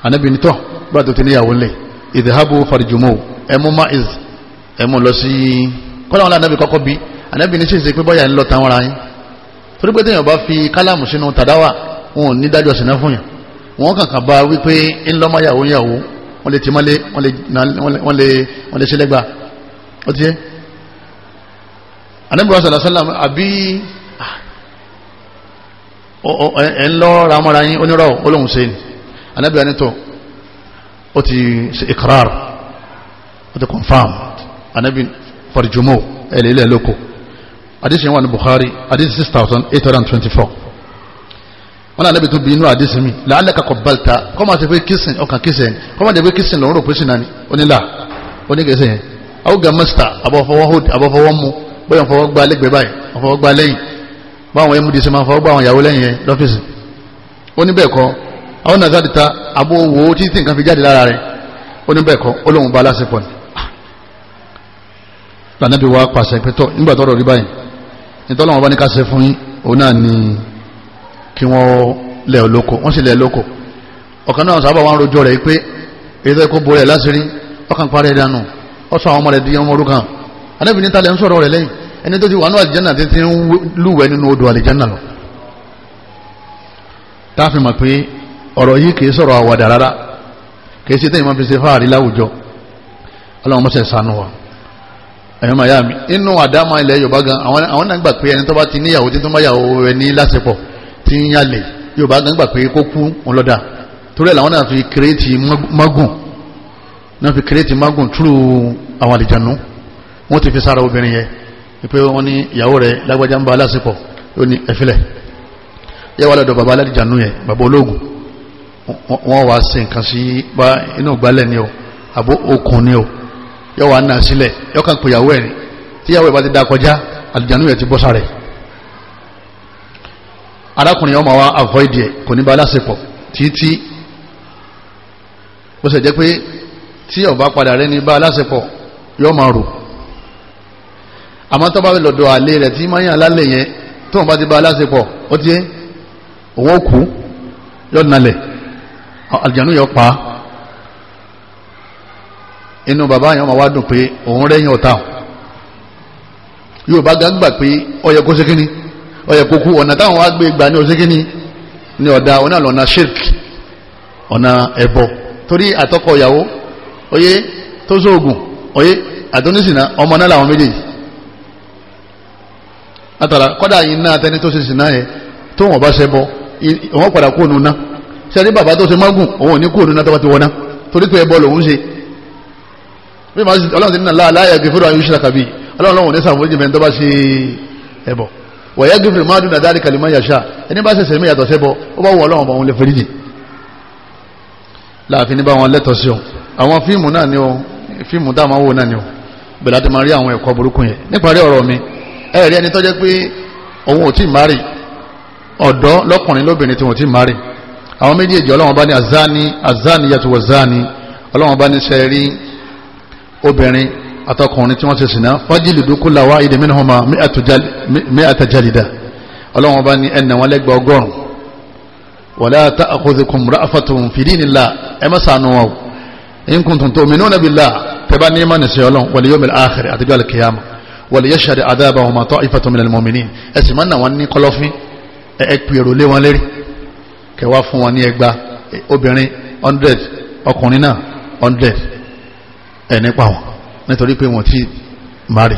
A: anabi nítọ́ bá tó ti níyàwó lè ìdíhábù farijumo ẹmú maiz ẹmú lọ sí kọ́lá wọn lànàbì kọ́kọ́ bí anabi ní sèse pé bọ́yà ń lọ tán ara yín torí pé téèyàn bá fi kálàmù sínú tàdáwà wọn ò ní dájọ́ sínú fún yàn wọn kàkà bá wípé ń lọ́mọ yàwó yàwó wọn lè ti mọ́lé wọn lè sílẹ̀gbà ó ti yẹ anabi wa sàlá sàlám àbí ah, ẹ̀ ń lọ́ ra mọ́ra yín onírọ̀ olóhùn sẹ́yìn anábìrì anítọ̀ ó ti ṣe ikrar ó ti confam anábì farjumo ẹ̀lẹ́lẹ́ lóko àdísì wọn ni Bukhari àdísì 6824 wọn náà anábì tó bí inú àdísì mi làálẹ́ka kọ̀bálta kọ́ máa ti pé kìsìn ọkàn kìsìn kọ́ máa ti pé kìsìn lọ́rùn pèsè náà ni onílà oníkèsè yẹn awúgà mọ́sítà abọ́fọwọ́ hold abọ́fọwọ́ mu bóyá fọwọ́ gbá lẹ́gbẹ̀ẹ́ báyìí fọwọ́ gbá lẹ́yìn báwọn mdc máa fọwọ́ gbá àwọn ìyàwó lẹ́yìn yẹn lọ́fíìsì ó ní bẹ́ẹ̀ kọ́ àwọn nàzá ti ta àbò wò ó títí nǹkan fi jáde lára rẹ̀ ó ní bẹ́ẹ̀ kọ́ ó lóun bá ni lànàbí wa pàṣẹ pé tọ́ nígbà tọ́rọ̀ rí báyìí nítorí wọn bá ní ká ṣe fún yín òun náà ni kí wọ́n lẹ̀ lóko wọ́n sì lẹ̀ lóko ọ̀kan náà sábà wọn rojọ́ rẹ̀ pé èyí tó kó borẹ̀ láṣìírí ọkàn parẹ́ dànù ó sọ àwọn ọmọ rẹ̀ di ọmọ orúkàn anábì ní talẹ̀ ń sọ̀rọ̀ rẹ̀ lẹ́yìn ọ̀rọ̀ yìí kìí sọ̀rọ̀ àwàdà rárá kìí ṣe tẹ́yìn máa fi ṣe fáàrí láwùjọ ọlọ́run mọ́sẹ̀ sànù wa ẹ̀yọ́ màá yá mi inú àdámà ilẹ̀ yorùbá gan àwọn náà gbà pé ẹni tó bá ti níyàwó tí tó bá yàwó rẹ ní lásìpọ̀ tí ń yálè yorùbá gan gbà pé kó kú ọlọ́dà torí ẹ̀ làwọn náà fi kírètì mágùn náà fi kírètì mágùn túrú àwọn àlìjànú wọ́n ti fi sára obìnrin yẹn pé wọ́n ní ìyàwó rẹ̀ lágbájá ń bá lásìpọ̀ ó ní ẹ̀fílẹ̀ yẹ́wàá lọ́dọ̀ bàbá aládìjànú yẹn bàbá ológun wọ́n wá sí nǹkan sí bá inú gbálẹ̀ ni o àbó okùn ni o yọ wá náà sílẹ̀ yọ kàn pèyàwó ẹ̀ ni tíyàwó ẹ̀ ti dá kọjá àlùjànnú yẹn ti bọ́ sáré arákùnrin ọmọ wa avoid ẹ̀ kò ní bá aláṣepọ̀ títí bó ṣe jẹ́ pé tí ọba padà rẹ ní bá aláṣepọ̀ yọ máa rò àmọ́ tó bá lọ́dọ̀ àlè rẹ̀ tí máa yàn lálẹ́ yẹn tó wọn bá ti bá aláṣepọ̀ ó ti yẹ òun ó kú yọ nalẹ̀ aljanu yọ pa inú bàbá yẹn ọmọ wa dùn pé òun rẹ́yìn ọ̀tá yóò bá gbàgbà pé ọyẹ kó sékíní ọyẹ kó kú ọ̀nà táwọn wá gbé gbà ní òsékíní ní ọ̀dà ọ̀nà lọ́nà shirk ọ̀nà ẹ̀bọ torí àtọkọ ìyàwó oyé tó sóògùn oyé àtúnísìnà ọmọ náà làwọn méjèèjì látara kọ́dà yìí ná atẹni tó ṣe sìnà yẹ tó wọn bá ṣẹbọ wọn padà kó nu náà sẹ́ni bàbá tó ṣe mágùn òun ò ní kúrò nínú tọ́wọ́ ti wọ́ná torí pé ẹbọ lòun ṣe bí màá ọlọ́run ti ní àlá aláyà gẹ̀fẹ́rọ ayé ṣe làkàbí ọlọ́run lọ́wọ́ ní sàmójì mẹ́ni tó bá ṣe ẹbọ wọ̀nyá gẹ̀fẹ́rọ máa dùn àdáàrí kàlímà yàṣà ẹni bá ṣẹ̀ṣẹ̀ mí yàtọ̀ sẹ́bọ ó bá wọ ọlọ́run bá wọn lè fẹ́ríjì láàfin ní bá wọn lẹ́tọ̀ sí ọ àwọn fíìmù àwọn méjèèjì ọlọ́wọ́n bá ní azani azani yàtọ̀ wazani ọlọ́wọ́n bá ní sẹ́rí obìnrin àtọkùnrin tí wọ́n ṣe sìnà fajlidu kulla wahidin minhuma mi'ata jalida ọlọ́wọ́n bá ní ẹnà wọn lẹ́gbẹ̀ẹ́ ọgọ́rùn wala ta'khudhukum ra'fatun fi dinillah ẹ má ṣàánú wọn o in kuntum tu'minuna billah tẹ́bá ní ìmọ̀ nìṣẹ́ ọlọ́run wal yawmil akhir àtijọ́ al-qiyamah wal yashhad adhabahuma ta'ifatu minal mu'minin ẹ̀sìn mọ́nà wọn ní kọlọ́fín ẹ̀ ẹ̀ pèrò lé wọn lérí kẹwàá fún wọn ní ẹgbàá obìnrin hundred ọkùnrin náà hundred ẹ̀ nípa wọn nítorí pé wọ́n ti mari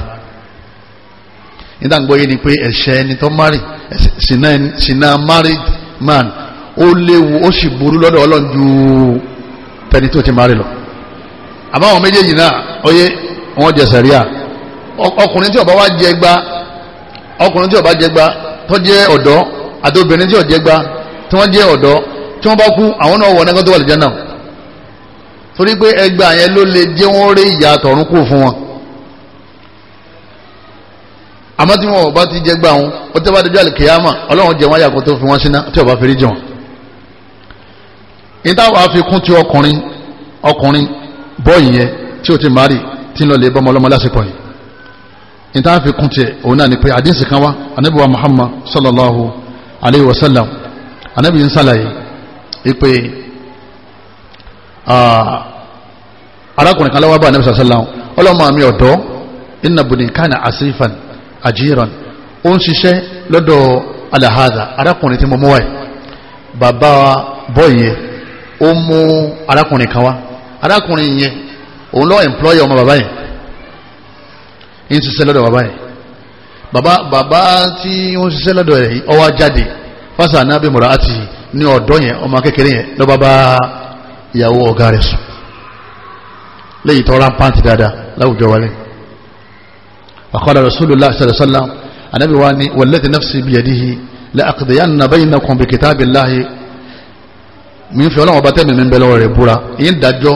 A: nígbàgbọ́yé ni pé ẹ̀ṣẹ̀ ẹni tó mari ṣìnà married man ó léwu ó sì burú lọ́dọ̀ ọlọ́run ju tẹni tó ti mari lọ àbáwọn méjèèjì náà oyé wọn jẹ sẹríà ọkùnrin tí ó bá wá jẹ gba ọkùnrin tí ó bá jẹ gba tó ọ̀dọ́ àti obìnrin tí ó gba tí wọ́n jẹ́ ọ̀dọ́ tí wọ́n bá kú àwọn náà wọ̀ nẹ́gbẹ́ tó wà lè jẹ́nà torí pé ẹgbẹ́ àyẹn ló lè jẹ́ wọ́n rí ìyá àtọ̀run kù fún wọn àmọ́ tí wọn ò bá ti jẹ́ gbà wọn ó tẹ́ bá dojú àlùkìyàmà ọlọ́run jẹ wọn yàgò tó fi wọn síná tí ò fi rí jẹ wọn. ní táwọn àfikún ti ọkùnrin ọkùnrin bọ́ọ̀yì yẹn tí ó ti márì tí lọ lè bọ́ ọmọlọ́mọ lásìkò yìí. ní táwọn àfikún tiẹ̀ òun náà ni pé àdínsì kan wá anábìwá Muhammad sallallahu alayhi wa sallam anabi ń sàlàyé ipe arákùnrin kan lọ́wọ́ bá anabi sàlàyé ọlọ́mọ mi ọ̀dọ́ inna bunikana asifan ajiran ó ń ṣiṣẹ́ lọ́dọ̀ alahada arákùnrin tí mo mú wáyé bàbá bọ́ọ̀yẹ ó mú arákùnrin kan wá arákùnrin yẹn òun lọ́wọ́ ẹ̀mplọ́yà ọmọ bàbá yẹn ń ṣiṣẹ́ lọ́dọ̀ bàbá yẹn bàbá bàbá tí ó ń ṣiṣẹ́ lọ́dọ̀ rẹ̀ ọwọ́ jáde fásitì anábì mọ̀rọ̀ àti ní ọ̀dọ́ yẹn ọmọ kékeré yẹn lọ́ba bá ìyàwó ọ̀gá rẹ̀ sùn léyìí tọ́ra ń pàǹtì dáadáa láwùjọ wálé àkọ́lá rasulullah sallallahu alaihi wasallam anábì wa ni wallati nafsi biyadihi la aqdiyanna bainakum bi kitabillahi mi fi ọlọ́wọ́n ba tẹ́mi mi bẹ rẹ̀ búra ìyẹn dájọ́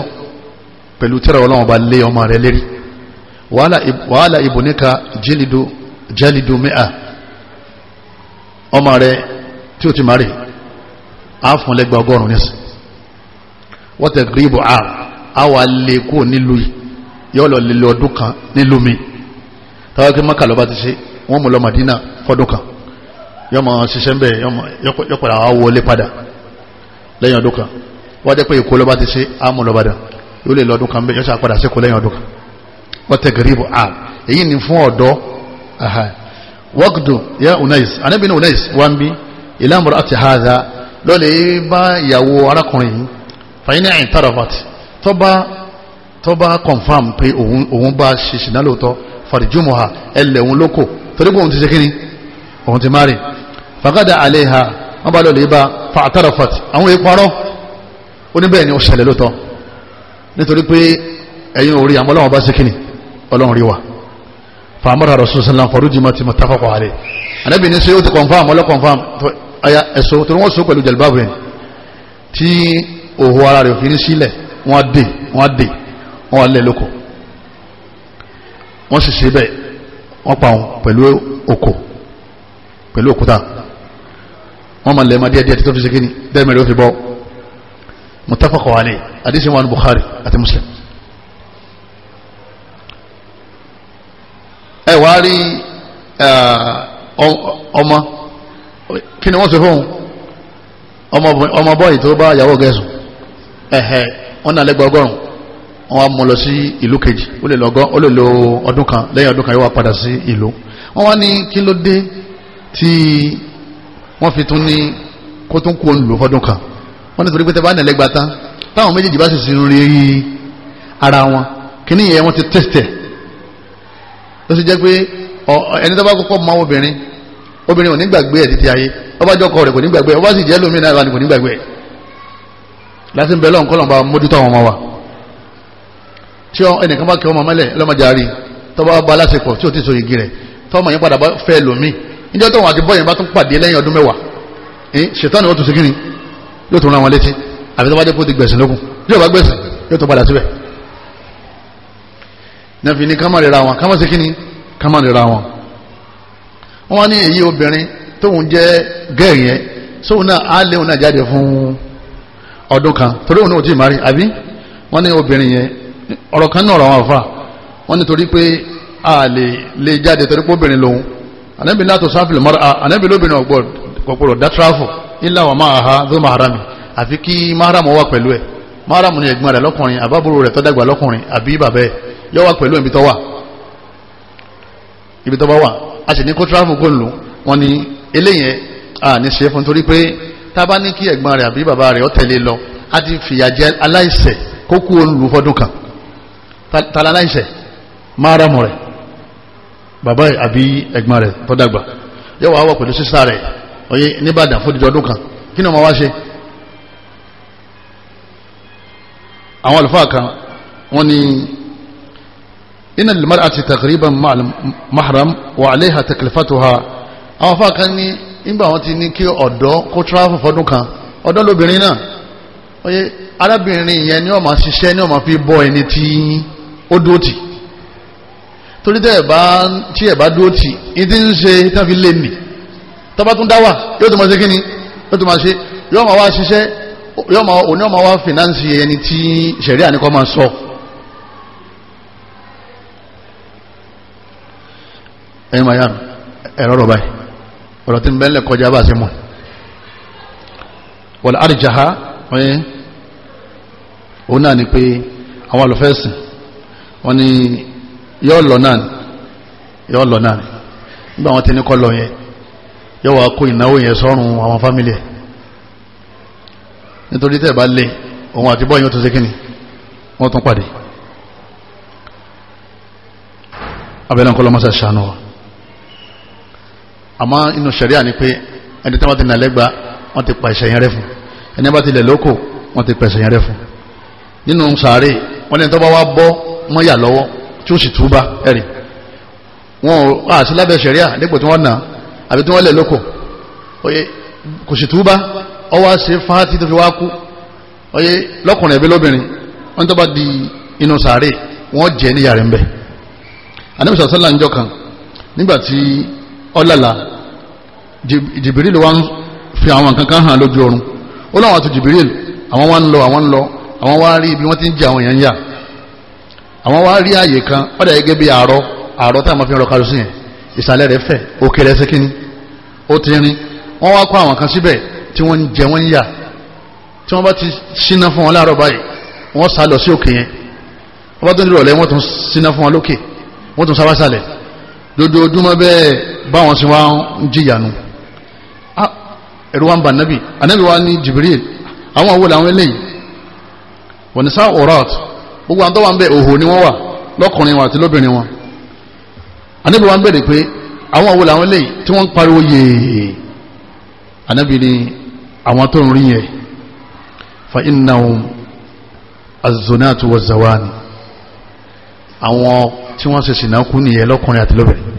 A: pẹ̀lú tẹ́rẹ̀ ọlọ́wọ́n ba lé ọmọ rẹ̀ lérí wàhálà ibùníkà jẹ́lidó mẹ́à ọmọ rẹ̀ tí ó ti mari àáfún lẹ́gbà ọgọ́rùn ní sí wọ́n tẹ̀ gíríbù a àwà lè kó nílùú yóò lọ lè e ọdún kan nílùú mi táwọn kí mọ́kà lọ́ba ti ṣe wọ́n mú lọ Madina fọ́dún kan yóò mọ̀ ṣiṣẹ́ ń bẹ̀ yóò padà wá wọlé padà lẹ́yìn ọdún kan wọ́n jẹ́ pé ìkó lọ́ba ti ṣe àmú lọ́ba dà yóò lè e lọ́dún kan bẹ́ẹ̀ yóò ṣàpadà sí kó lẹ́yìn ọdún kan wọ́n tẹ̀ gíríbù a èyí ni fún ọ̀dọ́ wọ́gdù yẹ́ unais anábìnrin unais wá bí ila ati haza lọ́lẹ̀ bá ìyàwó arákùnrin yìí fàyínà ìtàràfàt tó bá tó bá confam pé òun bá ṣìṣì náà lóòótọ́ farjumuha ẹlẹ̀ òun lóko torí pé òun ti ṣe kíni òun ti márì fagada aleha wọ́n bá lọ́lẹ̀ bá fàtàràfàt àwọn ìparọ́ oníbẹ̀ẹ́ ni ó ṣẹlẹ̀ lóòótọ́ nítorí pé ẹ̀yin orí àmọ́ ọlọ́run bá ṣe kíni ọlọ́run rí wa fàmọ́ra rasulullah farujimat mutafaqun alayh anábìíní ṣe ó ti aya ẹ̀sọ́ tó wọ́n sọ pẹ̀lú jẹ̀lúbáàbù yẹn tí òhò ara rẹ̀ fi ní sílẹ̀ wọ́n á dè wọ́n á dè wọ́n á lẹ̀ lóko wọ́n sì ṣe bẹ́ẹ̀ wọ́n pa wọn pẹ̀lú òkò pẹ̀lú òkúta wọ́n máa lẹ̀ díẹ̀ díẹ̀ tó fi ṣe kíni bẹ́ẹ̀ ó fi bọ́ mutafakọ̀ wà ní àdísìn wa ní Bukhari àti Muslim ẹ wá rí ọmọ kí ni wọ́n ṣe fóun ọmọ bọ́ọ̀yì tó bá yàwó gẹ̀ẹ́sùn ẹ̀hẹ̀ wọ́n náà lẹ́gbẹ̀ ọgọ́rùn wọ́n wá mú lọ sí ìlú kejì ó lè lo ọdún kan lẹ́yìn ọdún kan yóò wá padà sí ìlú wọ́n wá ní kí ló dé tí wọ́n fi tún ní kó tún kú òǹlò fọdún kan wọ́n ní torí pé tẹ́bá nílẹ́gbà tán táwọn méjèèjì bá sì sí rí ara wọn kí ní ìyẹn wọ́n ti tẹ́sítẹ̀ ló sì jẹ́ pé ẹni tó bá kọ́kọ́ mọ obìnrin obìnrin ò ní gbàgbé ẹ̀ títí ayé ọba jọkọ rẹ̀ kò ní gbàgbé ọba sì jẹ́ lómìnira ìlànà kò ní gbàgbé ẹ̀ láti ń bẹ lọ́n kọ́ lọ́nba mójútó àwọn ọmọ wa tí ọ ẹnìkan bá kí ọmọ mẹ́lẹ̀ lọ́mọdéárì tọ́ba bá aláṣepọ̀ tí ò ti so igi rẹ̀ tọ́mọ yẹn padà fẹ́ lómi níjọ́ tó wọn àti bọ́yẹn bá tún pàdé lẹ́yìn ọdún mẹ́wàá ṣètọ́ni ó ni yóò tún ra wọn létí àfi tó bá dé kó ti gbẹ̀sìn lókun yóò bá ni ká má wọ́n ní èyí obìnrin tóun jẹ́ gẹ́ẹ̀ yẹn sóun náà á léun náà jáde fún ọdún kan torí òun náà ò tí ì má rí àbí wọ́n ní obìnrin yẹn ọ̀rọ̀ kan náà ọ̀rọ̀ àwọn àfa wọ́n ní torí pé a lè lè jáde torí pé obìnrin lòun ànábì látò sáfìlì mọ́ra ànábì lóbìnrin ọ̀gbọ́n kọ̀pọ̀rọ̀ dá ilá wà máa ha tó maharami àfi kí maharamu wà pẹ̀lú ẹ̀ maharamu ni ẹ̀gbọ́n rẹ̀ lọ́kùnrin àbábúrò rẹ̀ tọ́dàgbà lọ́kùnrin àbí bàbẹ́ yọ wà pẹ̀lú ibi tó wà ibi tó bá wà a sì ní kó tíráfù kó lù wọn ni eléyẹn a ní ṣe fún torí pé tábà ní kí ẹ̀gbọ́n rẹ̀ àbí bàbá rẹ̀ ó tẹ̀lé lọ a ti fìyà jẹ aláìṣẹ̀ kó kú olùlù fọdún kan tala aláìṣẹ̀ máramu rẹ̀ bàbá rẹ̀ àbí ẹ̀gbọ́n rẹ̀ tó yóò wá wọ̀ pẹ̀lú sísá rẹ̀ oyè nìbàdàn fún ìdíjọ́ kan kí ni wọ́n wá ṣe àwọn àlùfáà kan wọ́n ní إن المرأة marati taqriban المحرم وعليها تكلفتها. 'alayha taklifatuha àwọn afa kan ní nígbà wọn ti ní kí ọ̀dọ́ kó travel fọdún kan ọ̀dọ́ lóbìnrin náà oye arábìnrin yẹn ni ó máa ṣiṣẹ́ ni ó máa fi bọ́ ẹni tí ó dúró tì torí tẹ́ ẹ̀ bá tí ẹ̀ bá dúró tì ní ti ń ṣe tí wọ́n fi lé nì tọ́ba tún dá wà yóò tó máa ṣe kíni yóò tó máa ṣe yóò máa wá ṣiṣẹ́ yóò máa òní ó wá fìnáǹsì ẹni tí ṣẹ̀ríà ni kò máa sọ. So ẹ̀yìn miami ẹ̀rọ rọ̀ báyìí ọ̀rọ̀ tí ń bẹ́ẹ̀ lẹ̀ kọjá bá a ṣe mọ̀ wọ̀lá àríjàhá ọ̀yẹ́ òun náà ni pé àwọn àlùfẹ́sìn wọ́n ní yọ́ lọ náà ni yọ́ lọ náà ni nígbà wọn ti ní kọ́ lọ yẹn yọ́ wàá ìnáwó yẹn sọ́rùn àwọn fámìlì ẹ̀ nítorí tẹ́ẹ̀ bá lé òun àti bọ́ọ̀yìn tó ṣe kíni wọ́n tún pàdé abẹ́lẹ́ ń lọ́mọ́sà ṣàánú wa àmọ́ inú ṣẹ̀ríà ni pé ẹni tí wọ́n ti nà lẹ́gba wọ́n ti pa ẹ̀ṣẹ̀ yẹn rẹ́ fún ẹni bá ti lẹ̀ lóko wọ́n ti pa ẹ̀ṣẹ̀ yẹn rẹ́ fún nínú sàárè wọ́n ní tó bá wá bọ́ mọ́yà lọ́wọ́ tí ó sì túbá ẹ̀rì wọn ò àti lábẹ́ ṣẹ̀ríà dípò tí wọ́n nà àbí tí wọ́n lẹ̀ lóko oye kò sì túbá ọ wá ṣe fáátì tó fi wá kú oye lọ́kùnrin ẹ̀bí lóbìnrin wọ́n tó bá di inú sàárè wọ́n jẹ́ níyàrá ń bẹ̀ àdébùsọ̀ sọ́lá ń jọ kan nígbà ọlọ́la jìbìrìlì wa ń fi àwọn nǹkan kan hàn lójú oorun ó láwọn àti jìbìrìlì àwọn wa ń lọ àwọn ń lọ àwọn wa rí ibi wọ́n ti ń jẹ àwọn èèyàn yà àwọn wa rí àyè kan ọ̀dà gẹ́gẹ́ bí àárọ̀ àárọ̀ tá a máa fi rọ karosí yẹn ìsàlẹ̀ rẹ̀ fẹ̀ òkè rẹ̀ sí ó ti rin wọ́n wá kó àwọn kan síbẹ̀ tí wọ́n ń jẹ wọ́n ń yà tí wọ́n bá ti síná fún wọn láàárọ̀ báyìí wọ́n sá lọ sí òkè yẹn wọ́n bá tó ń rọ̀lẹ́ wọ́n tún síná fún wọn lókè wọ́n tún sáwá dojoojúmọ́ bẹ́ẹ̀ báwọn sì wá ń jìyànú ẹ̀rù wa ń bà nábì wa ní Jibril àwọn owó làwọn eléyìí Wani ní sáà ọ̀rọ̀t gbogbo àwọn tó wà ń bẹ òhò ni wọ́n wà lọ́kùnrin wọn àti lóbìnrin wọn anábì wa ń bẹ̀rẹ̀ pé àwọn làwọn eléyìí tí wọ́n ń pariwo yèè ni àwọn tó ń rí yẹn fa zawani àwọn tí wọ́n ṣe sìnà kú nìyẹn lọ́kùnrin àti lóbìnrin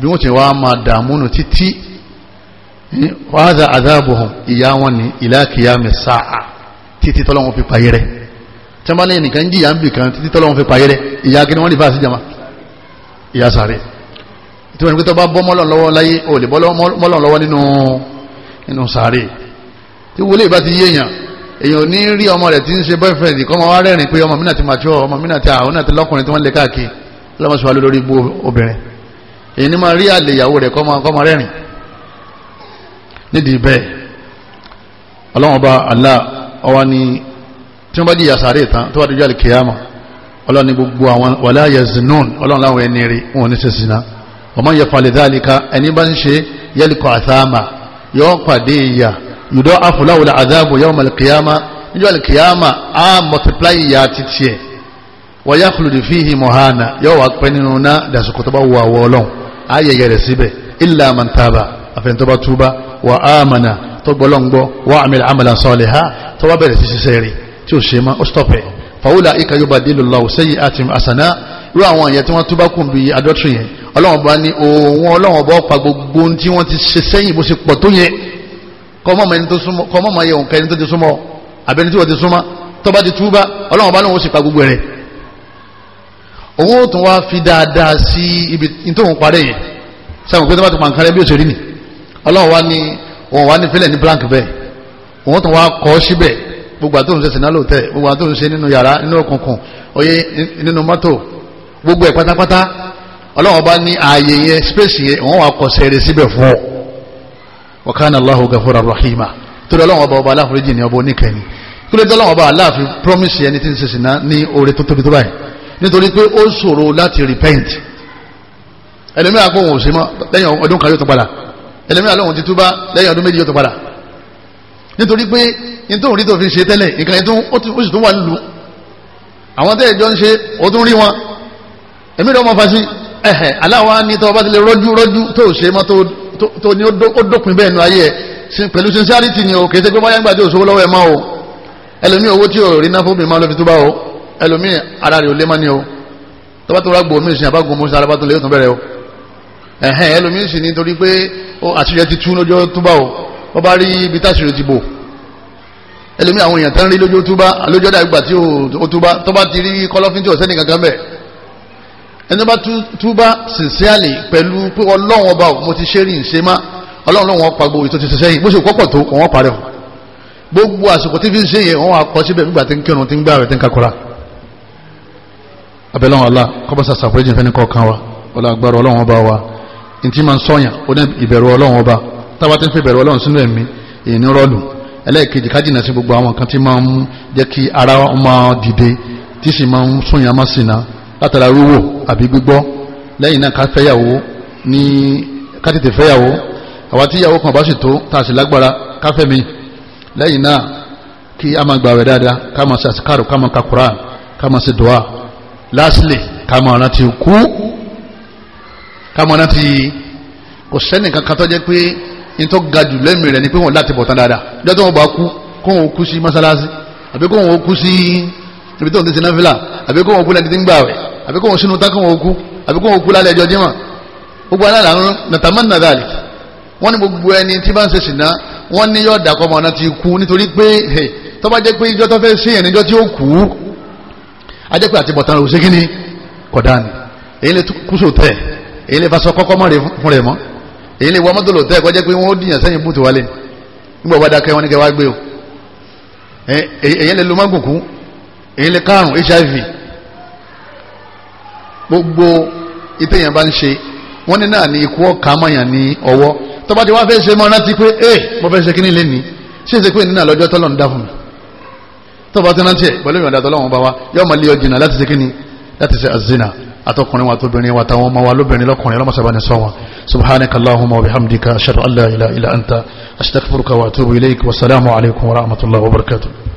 A: bí wọ́n ti wá máa dààmúnù títí wáza àdáàbòhùn ìyá wọn ní ìlàkìyà mẹ́sàá títí tọ́lọ́wọ́n fi payé rẹ̀ tí wọ́n bá lẹ́yìn nìkan jìyà ń bì kan títí tọ́lọ́wọ́n fi payé rẹ̀ ìyá kí ni wọ́n lè fà sí jama ìyá sàrẹ̀ tí wọ́n ní pé tó bá bọ́ mọ́lọ̀ lọ́wọ́ láyé ò lè èyàn ò ní rí ọmọ rẹ̀ tí ń ṣe boyfriend kọ́ ọmọ wa rẹ́rìn pé ọmọ mi náà ti mature ọmọ mi náà ti àwọn náà ti lọ́kùnrin tí wọ́n lè káàkiri lọ́mọṣọ́ wa lórí ibú obìnrin èyí ni máa rí àlè ìyàwó rẹ̀ kọ́ ọmọ rẹ́rìn nídìí bẹ́ẹ̀ ọlọ́wọ́n bá Allah ọwá ni tí wọ́n bá jí yàsàrí ìtàn tó wà dójú alìkìyàmà ọlọ́ni gbogbo àwọn wàlá yazinun ọlọ́run láwọn ẹni yùdọ́ afúláwòlá àdáàbò yawm al-qiyama níjọ́ al-qiyama a multiply ìyá títí ẹ̀ wọ́n yá kùlùdì fíhì mọ̀hánà yóò wá pẹ́ nínú náà dàsìkò tó bá wù àwọ̀ ọlọ́run a yẹ̀yẹ̀ rẹ̀ síbẹ̀ illa man taba àfẹ́ntọ́ba túbá wa amana tó gbọ́lọ́ngbọ́ wa amila amalan saliha tó bá bẹ̀rẹ̀ sí ṣiṣẹ́ rí tí ó ṣe mọ́ ó stọ́pẹ̀ fàwúlà ìka yóò bá dé lọ́wọ́ sẹ́yìn àti àsànà irú àwọn ìyẹn tí wọ́n túbá kùn bí adọ́tún yẹn ọlọ́run bá ní òun ọlọ́run bá pa gbogbo ohun tí wọ́n ti ṣe sẹ́yìn bó ṣe pọ̀ tó yẹn kọ́mọ́ máa yẹ òǹkà ẹni tó ti súnmọ́ àbẹni tí wọ́n ti súnmọ́ tó bá ti túbá ọlọ́run bá lóun ó sì pa gbogbo rẹ̀ òun ó tún wá fi dáadáa sí ibi tó ń parẹ́ yẹn sáwọn pé tó bá ti pa bí òṣèré nì ọlọ́run wá ní fílẹ̀ ní blank bẹ́ẹ̀ òun tún wá kọ́ síbẹ̀ gbogbo àtòun ṣe sìnà lóòótẹ́ gbogbo àtòun ṣe nínú yàrá nínú òkùnkùn oyé nínú mọ́tò gbogbo ẹ̀ pátápátá ọlọ́run bá ní ààyè yẹn space yẹn òun wá kọ́ sẹ́rẹ̀ síbẹ̀ fún ọ wa kana Allahu ghafuran rahima torí ọlọ́run ọba ọba aláforíjì ni ọba oníkẹyìn kí ló dé ọba aláàfin promise ẹni tí ń ṣe sìnà ní oore tó tóbi tó báyìí nítorí pé ó ṣòro láti repent ẹlòmíràn kó òun ò sí mọ́ lẹ́yìn ọdún kan yóò tó padà ẹlòmíràn lóhun ti túbá lẹ́yìn ọdún méjì yóò tó padà nítorí pé ní tóun rí tó fi ṣe tẹ́lẹ̀ nǹkan yẹn ó sì tún wà nílùú àwọn tẹ́lẹ̀ jọ ń tó ní ó dópin bẹ́ẹ̀ nu ayé ẹ pẹ̀lú sincerity ni o kì í ṣe pé báyà ń gbàdé òṣòwò lọ́wọ́ ẹ mọ́ o ẹlòmíì owó tí ò rí náà fún mi máa lọ fi túbà o ẹlòmíì ara rẹ̀ ò lé má ní o tọ́ba tó rágbó omi ìsìn àbágun omi ìsìn alábá tó lè tún bẹ̀rẹ̀ o ẹ̀hẹ́n ẹlòmíì sì nítorí pé àṣírí ti tú lójó túbà o wọ́n bá rí ibi táṣírí ti bò ẹlòmíì àwọn èèyàn tán rí lójó túbà lójó dàgbà ẹni túbá sincerely pẹ̀lú pé ọlọ́run ọba mo ti ṣe rí ìṣe má ọlọ́run lọ́wọ́ pa gbogbo ètò ti ṣe sẹ́yìn bó ṣe kọ́pọ̀ tó wọ́n parẹ́ o gbogbo àsìkò tí fi ń ṣe yẹn wọ́n síbẹ̀ nígbà tí ń kírun tí ń gbà rẹ̀ tí ń kakura abẹ́lẹ́wọ̀n Allah kọ́bọ̀sà sàfúrẹ́jì fẹ́ni kọ̀ọ̀kan wa ọlọ́ agbára ọlọ́run ọba wa ní tí máa ń sọ̀yàn ó ní ìbẹ̀rù ọlọ́run ọba táwa ti ń fi ìbẹ̀rù ọlọ́run sínú ẹ̀mí èyí ní rọ́ọ̀lù ẹlẹ́ẹ̀kejì kájìnà sí gbogbo àwọn kan tí máa ń jẹ́ kí ara máa dìde tí sì máa ń sọ̀yàn máa látara wíwò àbí gbígbọ́ lẹ́yìn náà ká fẹ́yàwó ní ká tètè fẹ́yàwó àwa tí ìyàwó kan bá sì tó tá a sì lágbára ká fẹ́ mi lẹ́yìn náà kí a máa gbàwẹ̀ dáadáa ká máa ṣe àsìkárò ká máa ka Quran ká máa ṣe dùá lastly ká máa rántí kú ká máa rántí kò sẹ́nì kankan tó jẹ́ pé ní tó ga jù lẹ́mìí rẹ̀ ni pé wọ́n láti bọ̀ tán dáadáa ìjọ́ tó bá kú kó wọn kú sí mọ́sálásí àbí kó wọn kú sí ibi tó ń tẹ̀sí náfìlà àbí kó wọn kú lẹ́ni tí ń gbà wẹ̀ àbí kó wọn sínú tá kó wọn kú àbí kó wọn kú lálẹ́ ẹjọ́ jimá gbogbo aláàlá nàtàmánà dàlí wọ́n ní gbogbo ẹni tí bá ń ṣe ṣìnà wọ́n ní yọ̀ọ̀dà kọ́mọ náà ti kú nítorí pé tó bá jẹ́ pé ìjọ tó fẹ́ sí ẹ̀ níjọ́ tí ó kú á jẹ́ pé àti bọ̀tán rò ṣe kí ni kọ̀dá ni èyí lè kú sòtẹ́ èyí lè fasọ kọ́kọ́ mọ́ fún rẹ̀ mọ́ èyí lè wọ mọ́tò lò tẹ́ kọjá pé wọ́n ó dìyàn sẹ́yìn bùtù wálé nígbà bá dákẹ́ wọn ní kẹ́ wá gbé o èyí lè lo mágùnkún èyí lè karùn hiv gbogbo ìtẹ̀yìn bá ń ṣe wọ́n ní náà ní ikú ọ̀ka mọ̀yàn ní ọwọ́ tó bá ti wá fẹ́ ṣe mọ́ rántí pé ẹ eh, mo fẹ́ ṣe kí ní lé ní ṣé ṣe pé nínú àlọ́jọ́ tọ́lọ̀ ń dá fún mi tó bá ti ẹ̀ pẹ̀lú ìrìnàdà tọ́lọ̀ wọn bá wa yóò mọ̀ lé ọjìnà láti ṣe kí ní láti ṣe àzínà àtọkùnrin wa tóbìnrin wa táwọn ọmọ wa lóbìnrin lọkùnrin ọlọmọsàbáni sọ subhanaka allahumma wa bihamdika ashhadu an la ilaha illa anta astaghfiruka wa atubu ilayk wa salaamu alaykum wa rahmatullahi wa barakatuh